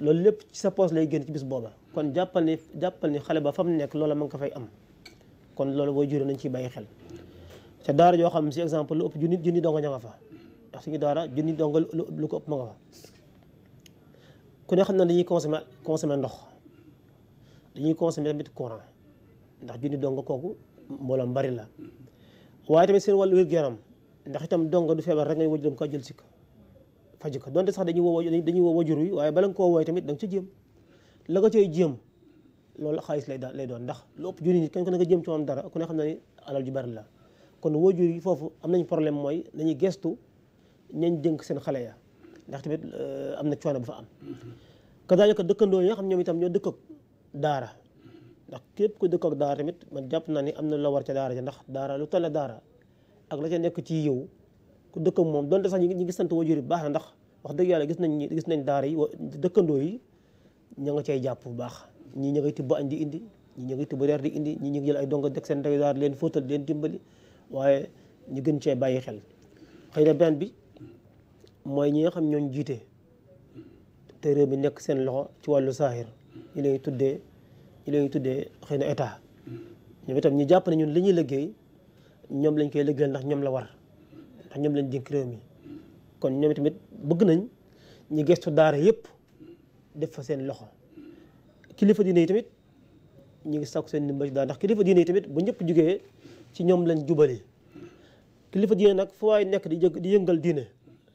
S2: loolu lépp ci sa poos lay génn ci bis booba kon jàppal ni jàppal ni xale ba fa mu nekk loola ma nga ko fay am kon loolu booy juree nañ ciy bàyyi xel te daara yoo xam si exemple lu ëpp junni junni dongo ña nga fa ndax suñu daara junni dongo lu ko ëpp ma nga fa ku ne xam na dañuy consommer consommer ndox dañuy consommer tamit courant ndax junni dong kooku mbooloom bari la waaye tamit seen wàllu wér-gu-yaram ndax itam dong du feebar rek ngay wajuram ko jël si ko faj ko donte sax dañuy woo dañuy woo wajur wi waaye bala nga koo wooy tamit da nga ci jéem la nga cay jéem loolu xaalis lay lay doon ndax lu ëpp junni nit kenn ku nekk jéem ci moom dara ku ne xam na alal ju bari la kon wajur yi foofu am nañ problème mooy nañuy gestu ñañ jënk seen xale ya ndax tamit euh, am na coono bu fa am
S4: mm-hmm.
S2: ka dëkkandoo yi xam ñoom itam ñoo dëkk ak daara ndax képp ku dëkk ak daara tamit man jàpp naa ni am na la war ca daara ja ndax daara lu toll daara ak la ca nekk ci yow ku dëkk ak moom donte sax ñu ngi sant wajur yi baax na ndax wax dëgg yàlla gis nañ gis nañ daara yi dëkkandoo yi ña nga cay jàpp bu baax ñii ña ngay tibb añ di indi ñii ña ngay tibb reer di indi ñii ñu ngi jël ay donga dëkk seen ndawi daara leen fóotal leen dimbali waaye ñu gën cee bàyyi xel xëy na benn bi mooy ñi nga xam ñooñ jiite te réew mi nekk seen loxo ci wàllu saahir ñu lay tuddee ñu leen tuddee xëy na état ñoom itam ñu jàpp ne ñun li ñuy liggéey ñoom lañ koy liggéeyal ndax ñoom la war ndax ñoom lañ dénk réew mi kon ñoom tamit bëgg nañ ñu gestu daara yëpp def fa seen loxo kilifa diine yi tamit ñu ngi sàkku seen ndimbal ci daara ndax kilifa diine yi tamit bu ñëpp jugee ci ñoom lañ jubali kilifa diine nag fu waay nekk di di yëngal diine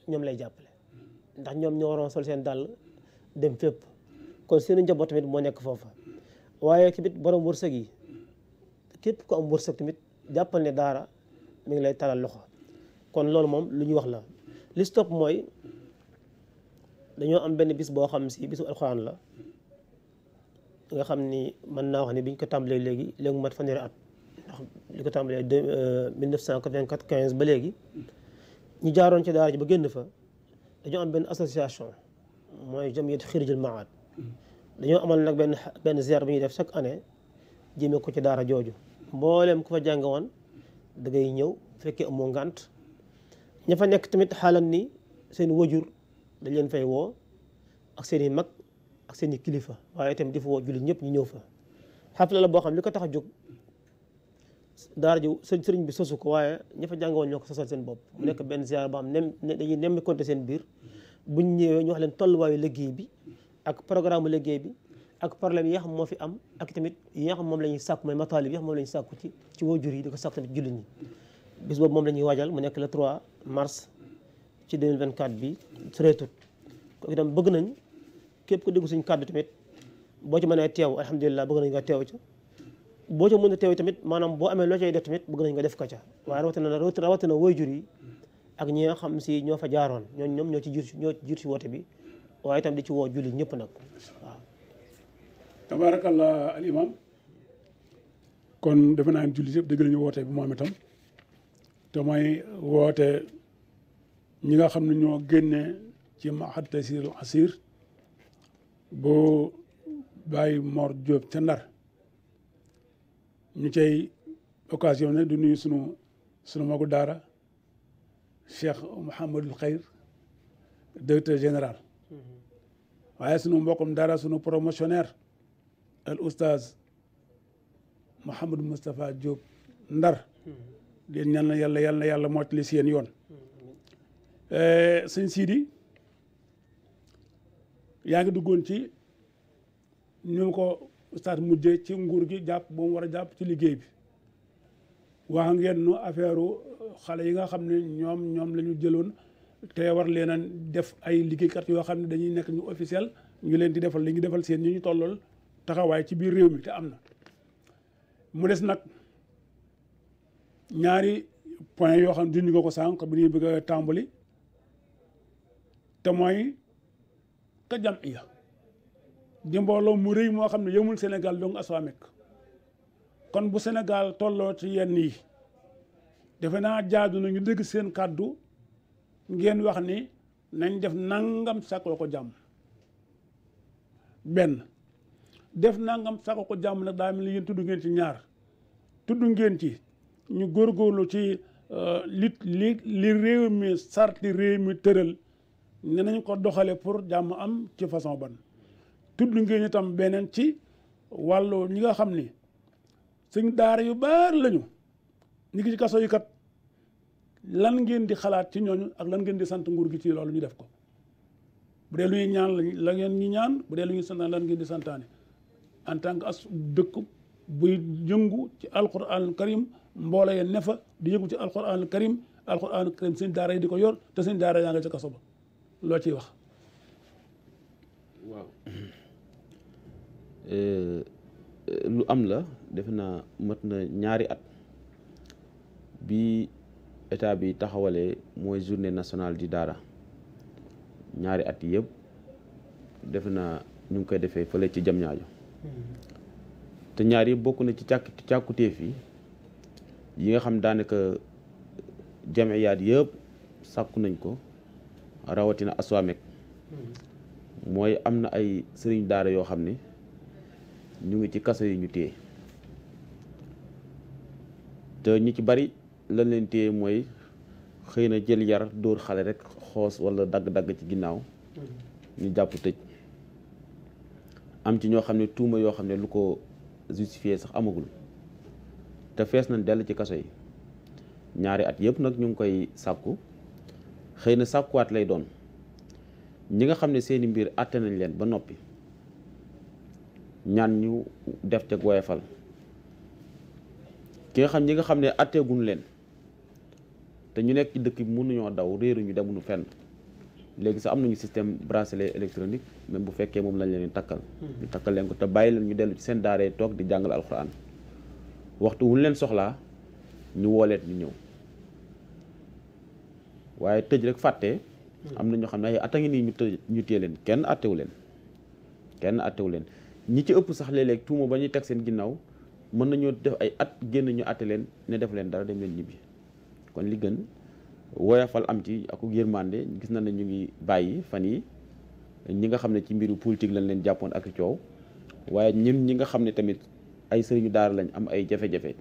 S2: ñoom lay jàppale ndax ñoom ñoo waroon sol seen dàll dem fépp kon seen njaboot tamit moo nekk foofa waaye tamit borom wërsëg yi képp ku am wërsëg tamit jàppal ne daara mi ngi lay talal loxo kon loolu moom lu ñuy wax la li stop mooy dañoo am benn bis boo xam si bisu alxuraan la nga xam ni mën naa wax ni biñ ko tàmbalee léegi léegi mat fanweeri at ndax li ko tàmbalee deux euh, mille neuf cent quatre-vingt-quatre quinze ba léegi ñu jaaroon ci daara ji ba génn fa dañoo am benn association mooy jamiyat xirijul maad dañoo amal nag benn benn ziar bi ñuy def chaque année jëmee ko ci daara jooju mboolem ku fa jàng woon da ngay ñëw fekkee amoo ngànt ña fa nekk tamit xaalan ni seen wajur dañ leen fay woo ak seen mag seen i kilifa waaye itam di fa woo ñëpp ñu ñëw fa xafla la la boo xam li ko tax a jóg daara ji sëriñ bi sosu ko waaye ña fa jàng ñoo ko sosal seen bopp mu nekk benn ziar dañuy nemmi seen biir buñ ñëwee ñu wax leen tolluwaayu liggéey bi ak programme liggéey bi ak problème yi xam moo fi am ak tamit yi xam moom la ñuy sàkku mooy mataalib yi nga xam moom la ñuy sàkku ci ci waajur yi di ko sàkku tamit jullit ñi bis boobu moom la ñuy waajal mu nekk la trois mars ci 2024 bi sureetut kooku itam bëgg nañ képp ko dégg suñu kàddu tamit boo ci mënee teew alhamdulilah bëgg nañ nga teew ca boo ca mën a teew tamit maanaam boo amee loo cay def tamit bëgg nañ nga def ko ca waaye rawatina rawatina waajur yi ak ñi nga xam si ñoo fa jaaroon ñooñu ñoom ñoo ci jiitu ñoo ci jiitu si woote bi waaye tam di ci woo jullit ñëpp nag
S1: waaw. tabaarakallah al imam kon defe naa ne jullit yëpp dëgg la ñu woote bi moom itam te mooy woote ñi nga xam ne ñoo génnee ci mahad tasir al asir boo bàyyi Mor Diop ca Ndar ñu cay occasion ne du nuyu sunu sunu magu daara Cheikh Mouhamadul Xayr directeur général waaye sunu mbokkum dara sunu promotionnaire al oustaz Mouhamadou Moustapha Diop Ndar den ñaan na yàlla yàlla yàlla mottali seen yoon eh, sëñ Sidi yaa ngi duggoon ci ñu ko oustaz mujjee ci nguur gi jàpp ba war a jàpp ci liggéey bi wax ngeen nu affaire xale yi nga xam ne ñoom ñoom la ñu jëloon te war leen a def ay liggéeykat yoo xam ne dañuy nekk ñu officiel ñu leen di defal li ñu defal seen ñu ñu tollool taxawaay ci biir réew mi te am na mu des nag ñaari point yoo xam ne junj nga ko sànq bi ñuy bëgg tàmbali te mooy ka jam iya mu rëy moo xam ne yëmul Sénégal dong aswamek kon bu Sénégal tolloo ci yenn yi defe naa jaadu na ñu dégg seen kàddu ngeen wax ni nañ def nangam sàkkoo ko jàmm benn def nangam sàkkoo ko jàmm nag daa mel ni tudd ngeen ci ñaar tudd ngeen ci ñu góorgóorlu ci euh, li li li réew mi sarti réew mi tëral ne nañ ko doxale pour jàmm am ci façon ban tudd ngeen itam beneen ci wàllu ñi nga xam ni suñ daar yu baar lañu ñu ngi ci kaso yi kat lan ngeen di xalaat ci ñooñu ak lan ngeen di sant nguur gi ci loolu ñu def ko bu dee lu ñuy ñaan la ngeen ñu ñaan bu dee lu ñuy santaan lan ngeen di santaane en tant que as dëkk buy yëngu ci alquran karim mboolo yee ne fa di yëngu ci alquran karim alquran karim seen daara yi di ko yor te seen daara yaa nga ca kaso ba loo ciy wax
S3: waaw eh, eh, lu am la def naa mat na ñaari at bi état bi taxawalee mooy journée nationale di daara ñaari at yëpp defe naa ñu ngi koy defee fële ci jam ñaajo
S4: mm-hmm.
S3: te ñaar yi bokk na ci càkk càkkutéef yi yi nga xam daanaka jamiyaat yëpp sàkku nañ ko rawatina aswaamek
S4: mm-hmm.
S3: mooy am na ay sëriñ daara yoo xam ne ñu ngi ci kaso yi ñu téye te ñi ci bari lan leen téye mooy xëy na jël yar dóor xale rek xoos walla dagg-dagg ci ginnaaw ñu jàpp tëj am ci ñoo xam ne tuuma yoo xam ne lu ko justifié sax amagul te fees nañ dell ci kaso yi ñaari at yëpp nag ñu ngi koy sàkku xëy na sàkkuwaat lay doon ñi nga xam ne seeni mbir àtte nañ leen ba noppi ñaan ñu def ca goyefal ki nga xam ñi nga xam ne àtteeguñ leen te ñu nekk ci dëkk bi mënuñoo daw ñu réeruñu demuñu fenn léegi sax am nañu système bracelet électronique même bu fekkee moom lañ leen takkal hmm. ñu takkal leen ko te bàyyi leen ñu dellu ci seen daaree toog di jàngal alxuraan waxtu wuñ leen soxlaa ñu wooleet ñu ñëw waaye tëj rek fàtte hmm. am na ñoo xam ne ay at a ngi nii ñu tëj ñu téye leen kenn attewu leen kenn attewu leen ñi ci ëpp sax léeg-léeg tuuma ba ñu teg seen ginnaaw mën nañoo def ay at génn ñu atte leen ne def leen dara dem leen ñibbi kon li gën woyafal am ci ak yërmande gis na nañu ñu ngi bàyyi fan yi ñi nga xam ne ci mbiru politik lañ leen jàppoon ak coow waaye ñun ñi nga xam ne tamit ay sëriñu daara lañ am ay jafe-jafe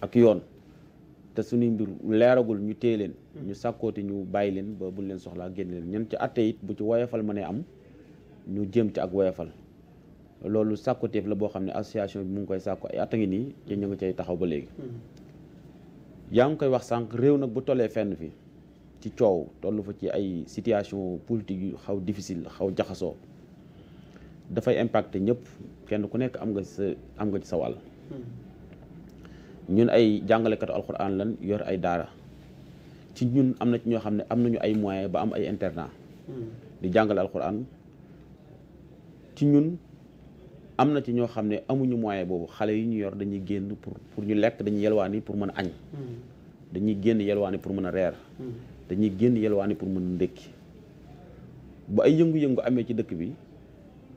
S3: ak yoon te su suñuy mbir leeragul ñu téye leen mm. ñu sàkkooti ñu bàyyi leen ba buñ leen soxlaa génn leen ñun ci atte it bu ci woyafal ne am ñu jéem ci ak woyafal loolu sàkkoteef la boo xam ne association bi mu ngi koy sàkko ay at a nii te ñu ngi cay taxaw ba léegi mm. yaa ngi koy wax sànq réew nag bu tollee fenn fi ci coow toll fa ci ay situation politique yu xaw difficile xaw jaxasoo dafay impacté ñëpp kenn ku nekk am nga sa am nga ci sa wàll ñun ay jàngalekatu alxuraan lan yor ay daara ci ñun am na ci ñoo xam ne am nañu ay moyen ba am ay internat hmm. di jàngale alxuraan ci ñun am na ci ñoo xam ne amuñu moyen boobu xale yi ñu yor dañuy génn pour pour ñu lekk dañuy yelwaani pour mën a añ hmm. dañuy génn yelwaani pour mën a reer hmm. dañuy génn yelwaani pour mën a ndékki bu ay yëngu-yëngu amee ci dëkk bi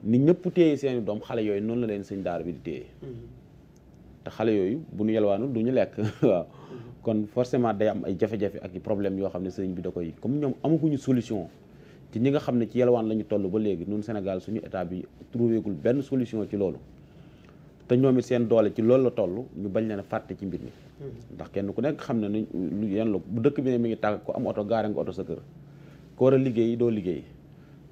S3: ni ñëpp téye seeni doom xale yooyu noonu la leen sëñ daara bi di téye hmm. te xale yooyu bu ñu yelwaanu du ñu lekk <laughs> waaw kon forcément day am ay jafe-jafe ak i problème yoo xam ne sëñ bi da koy comme ñoom amaguñu solution ci ñi nga xam ne ci yalwaan la ñu toll ba léegi ñun Sénégal suñu état bi trouvé gul benn solution ci loolu te ñoom it seen doole ci loolu la tollu ñu bañ leen a fàtte ci mbir mi.
S4: Mm-hmm.
S3: ndax kenn ku nekk xam ne nu yan la bu dëkk bi ne mu ngi tàgg ko am oto gaare nga oto sa kër ko war a liggéey doo liggéey.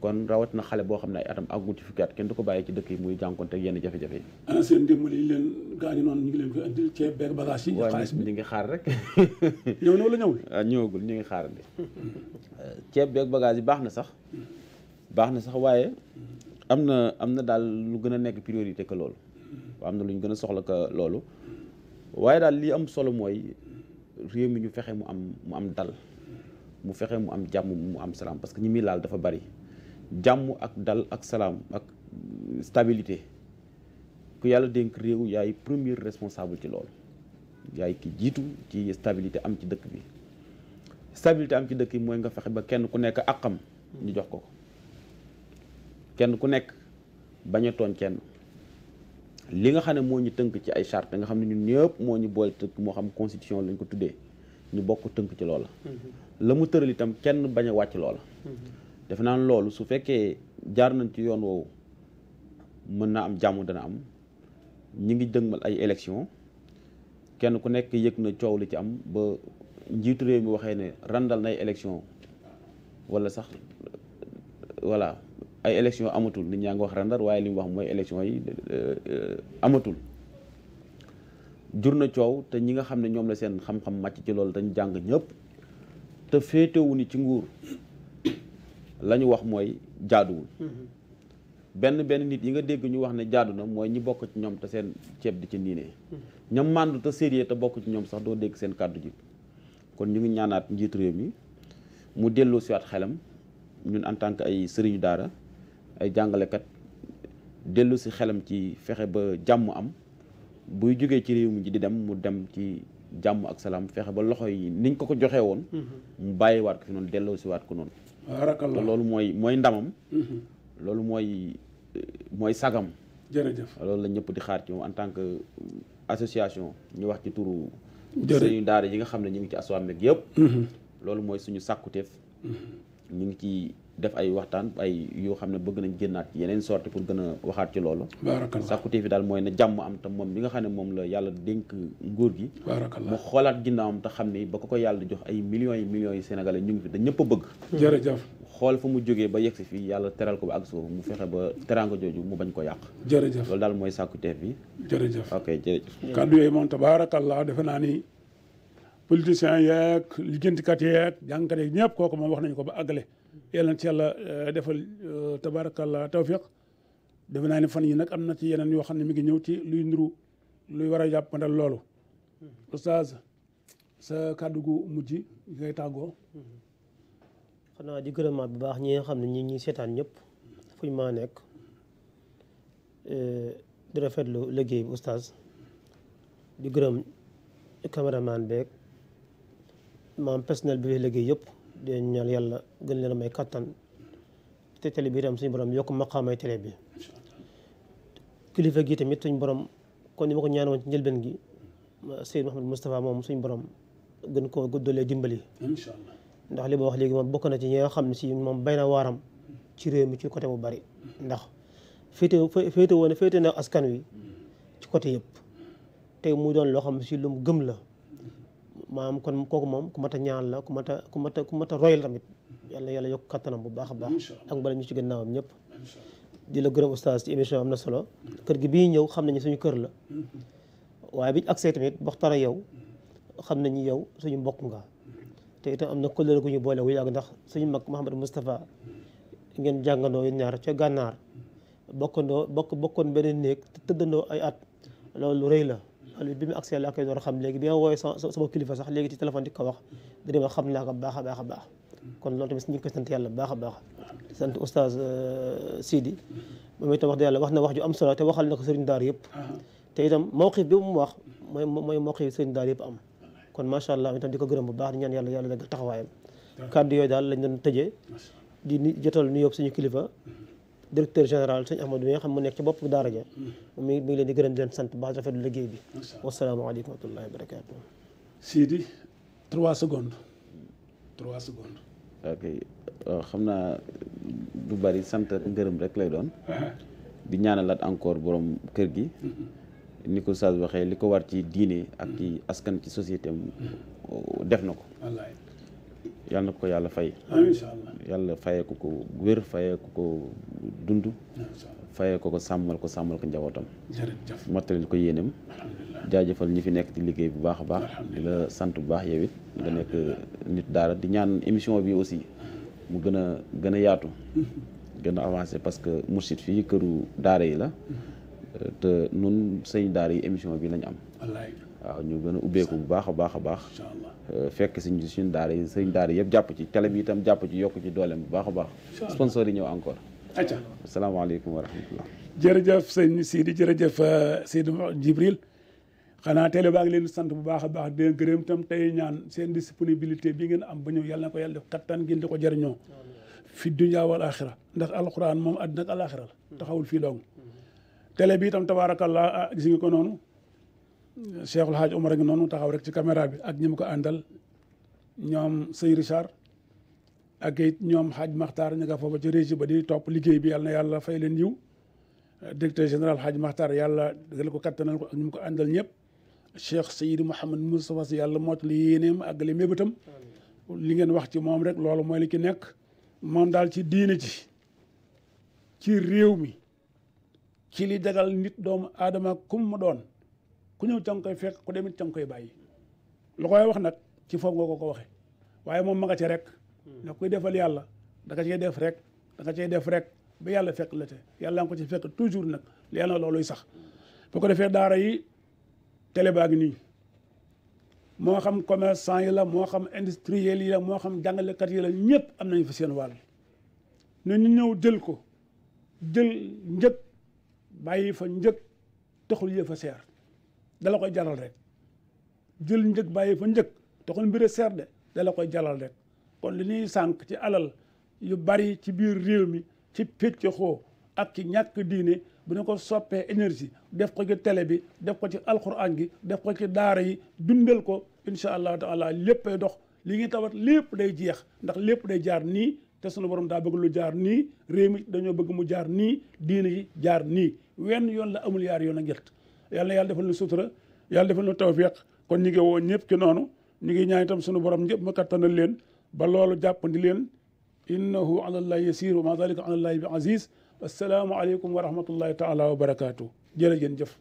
S3: kon rawat na xale boo xam ne ay atam àggut ci fukki kenn du ko bàyyi ci dëkk yi muy jànkoonte ak yenn jafe-jafe yi
S1: ana seen ndimbal yi leen gaañu noonu ñu ngi leen koy andil bi
S3: ñu ngi xaar rek ñëw na wala ñëwul waaw ah, ñëwagul ñu ngi xaarandi ceeb beeg bagage yi baax na sax baax na sax waaye am na am na daal lu gën a nekk priorité que loolu am na lu ñu gën a soxla que loolu waaye daal li am solo mooy réew mi ñu fexe mu am mu am dal mu fexe mu am jàmm mu am salaam parce que ñi muy laal dafa bari jàmm ak dal ak salaam ak stabilité ku yàlla dénk réew yaay premier responsable ci loolu yaay ki jiitu ci stabilité am ci dëkk bi stabilité am ci dëkk bi mooy nga fexe ba kenn ku nekk àqam ñu jox ko kenn ku nekk bañ a tooñ kenn li nga xam ne moo ñu tënk ci ay charte nga xam ne ñun ñëpp moo ñu boole tënk moo xam constitution lañ ko tuddee ñu bokk tënk ci loola mm-hmm. la mu tëral itam kenn bañ a wàcc loola mm-hmm. defe naa loolu su fekkee jaar nañ ci yoon woowu mën naa am jàmm dana am ñi ngi dëgmal ay élection kenn ku nekk yëg na coow li ci am ba njiitu réew mi waxee ne randal nay élection wala sax voilà ay élection amatul nit ñaa ngi wax randal waaye li wax mooy élection yi euh, amatul jur na coow te ñi nga xam ne ñoom la seen xam-xam màcc ci loolu dañ jàng ñëpp te féetewu ni ci nguur la ñu wax mooy jaaduwul mm-hmm. benn benn nit yi nga dégg ñu wax ne jaadu na mooy ñi bokk ci ñoom te seen ceeb di ci niinee mm-hmm. ñam màndu te sérieux te bokk ci ñoom sax doo dégg seen kàddu ji kon ñu ngi ñaanaat njiitu réew mi mu delloo siwaat xelam ñun en tant que ay sëriñu daara ay jàngalekat dellu si xelam ci fexe ba jàmm am buy jógee ci réew mi di dem mu dem ci jàmm ak salaam fexe ba loxo yi niñ ko ko joxee woon mm-hmm. mu waat ko fi noonu delloo siwaat ko noonu
S4: barakallah loolu
S3: mooy mooy ndamam mhm. loolu mooy mooy sagam jërëjëf loolu la ñëpp di xaar ci moom en tant que association ñu wax ci turu suñu daara yi nga xam ne ñu ngi ci aswaam meeg yëpp mhm. loolu mooy suñu sàkkuteef
S4: mhm.
S3: ñu ngi ci def ay waxtaan ay yoo xam ne bëgg nañ génnaat yeneen sorti pour gën a waxaat ci loolu sàkkuteef fi daal mooy na jàmm am tam moom bi nga xam ne moom la yàlla dénk nguur gi mu xoolaat ginnaawam te xam ne ba ko ko yàlla jox ay million yi millions yi sénégalais ñu ngi fi da ñëpp a bëgg jërëjëf xool fa mu jógee ba yegsi fii yàlla teral ko ba ak suuf mu fexe ba
S1: teraanga jooju mu bañ ko yàq jërëjëf loolu daal mooy sàkkuteef bi jërëjëf ok jërëjëf kàddu yooyu moom tabaarakallah defe naa ni politiciens yeeg liggéeykat yeeg jàngkat yeeg kooku moom wax nañ ko ba àggale yàlla na ci yàlla eh, defal eh, tabarakallah tawfiq defe naa ne fan yi nag am na ci yeneen yoo xam ne mi ngi ñëw ci luy nduru luy war a jàppandal loolu oustaz sa kàddu gu mujj ngay tàggoo
S2: xanaa di gërëmaat bu baax ñi nga xam ne ñi ñuy seetaan ñëpp fu ñu maa nekk eh, di rafetlu liggéey bi oustaz di gërëm caméraman beeg maam personnel bi liggéey yëpp di leen ñaan yàlla gën leen a may kattan te télé bi itam suñu borom yokk maqaamay télé bi kilifa gi tamit suñu borom kon ni ma ko ñaan woon ci njëlbeen gi Seydou Mouhamed Moustapha moom suñu borom gën koo guddalee dimbali. ndax li ma wax léegi moom bokk na ci ñi nga xam ne si moom bay na waaram ci réew mi ci côté bu bari. ndax féete féete woon féete na askan wi ci côté yëpp te muy doon loo xam si lu mu gëm la. maam kon kooku moom ku mat a ñaan la ku mat a ku mat a ku mat a royal tamit yàlla yàlla yokk kattanam bu baax a baax ak bala ñu ci gannaawam ñëpp di la gërëm oustaz ci émission am na solo kër gi bii ñëw xam nañu suñu kër la mm-hmm. waaye bi agsee tamit waxtaan yow xam nañu yow suñu mbokk nga te itam am na kóllëre gu ñu boole yàgg ndax suñu mag Mouhamadou Moustapha ngeen jàngandoo yéen ñaar ca gànnaar bokkandoo bokk bokkoon beneen néeg tëddandoo ay at loolu rëy la loolu bi mu accès laa koy door xam léegi bi ma woowee sama kilifa sax léegi ci téléphone di ko wax dina ma xam naa ko baax a a baax kon loolu tamit ñu ngi koy sant yàlla baax a baax sant oustaz euh, Sidi moom itam wax dëgg yàlla wax na wax ju am solo te waxal na ko sëriñ daar yëpp te itam mawqif bi mu wax mooy mooy mawqif sëriñ daar yëpp am kon macha allah itam di ko gërëm bu baax di ñaan yàlla yàlla dagg taxawaayam kàddu yooyu daal lañ doon tëjee di jotal directeur général sëñ Ahmadou mi xam mu nekk ci bopp daara ja mi mi ngi leen di gërëm di leen sant baax rafetlu liggéey bi wasalaamaaleykum
S1: wa barakaatu trois secondes
S3: euh, xam naa du bari sant ngërëm rek lay doon uh-huh. di ñaanalaat encore borom kër gi mm-hmm. ni ko Sadio waxee li ko war ci diine ak ci mm-hmm. askan ci société mm-hmm. def na ko yàlla na ko yàlla fay yàlla fayee ko ko wér fayeeku ko dund fayee ko ko sàmmal ko sàmmal ko njabootam mottalil ko yéenem jaajëfal ñi fi nekk ci liggéey bu baax a baax di sant bu baax yow it nekk nit daara di ñaan émission bi aussi mu gën a gën a yaatu <laughs> gën a avancé parce que Mourchid fii këru daara yi la mm-hmm. te nun sëñ daara yi émission bi lañ am waaw ñu gën a ubbeeku bu baax a baax a baax euh, fekk si suñu daara yi suñu daara yëpp jàpp ci
S1: télé bi itam jàpp ci yokk ci dooleem bu baax a baax sponsor yi ñëw encore acca asalaamaaleykum wa rahmatullah jërëjëf sëñ Sidi jërëjëf euh, Sidi Jibril xanaa télé baa ngi leen sant bu baax a baax di leen gërëm itam tey ñaan seen disponibilité bi ngeen am ba ñëw yàlla na ko yàlla def kattan ngeen di ko jëriñoo fi dunya wal axira ndax alquran moom àddina ak alaxira la taxawul fii dong mm-hmm. télé bi itam tabaarakallah ah, gis nga ko noonu Cheikhul Hadj Omar a ngi noonu taxaw rek ci caméra bi ak ñum ko àndal ñoom sëñ Richard ak it ñoom Hadj Makhtar ñu nga foofa ci régie ba di topp liggéey bi yàlla na yàlla fay leen yiw directeur général Hadj Makhtar yàlla dëggal ko kattanal ko ak ñu mu ko àndal ñëpp Cheikh Seydi Mouhamed Moustapha Sy yàlla mootali yéeneem ak li mébétam li ngeen wax ci moom rek loolu mooy li ci nekk moom daal ci diine ji ci réew mi ci li dagal nit doomu aadama kum mu doon ku ñëw ca nga koy fekk ku demit ca nga koy bàyyi lu koy wax nag ci foofu nga ko ko waxee waaye moom ma nga ci rek hmm. ndax koy defal yàlla da nga def rek da nga def rek ba yàlla fekk la te yàlla nga ko ci fekk toujours nag yàlla looluy sax bu ko defee daara yi télé baa nii moo xam commerçant yi la moo xam industriel yi la moo xam jàngalekat yi la ñëpp am nañu fi seen wàll ne ñu ñëw jël ko jël njëg bàyyi fa njëg taxul yëf a seer dala koy jaral rek jël njëg bàyyi fa njëg te kon mbir a seer de dala koy jalal rek kon li ñuy sànq ci alal yu bari ci biir réew mi ci pecc xoo ak ci ñàkk diine bu ñu ko soppee energie def ko ci télé bi def ko ci alxuraan gi def ko ci daara yi dundal ko incha allahu taala léppay dox li ngi tawat lépp day jeex ndax lépp day jaar nii te sunu borom daa bëgg lu jaar nii réew mi dañoo bëgg mu jaar nii diine yi jaar nii wenn yoon la amul yaar yoon a yàlla yàlla defal nu sutura yàlla defal nu tawfiq kon ñi ngi woo ñëpp ci noonu ñi ngi ñaan tam sunu borom ñëpp ma kattanal leen ba loolu jàppandi leen innahu ala allah yasir wa ma dalika ala allah bi aziz assalaamu aleykum wa rahmatullahi taala wa barakaatu jërëjëf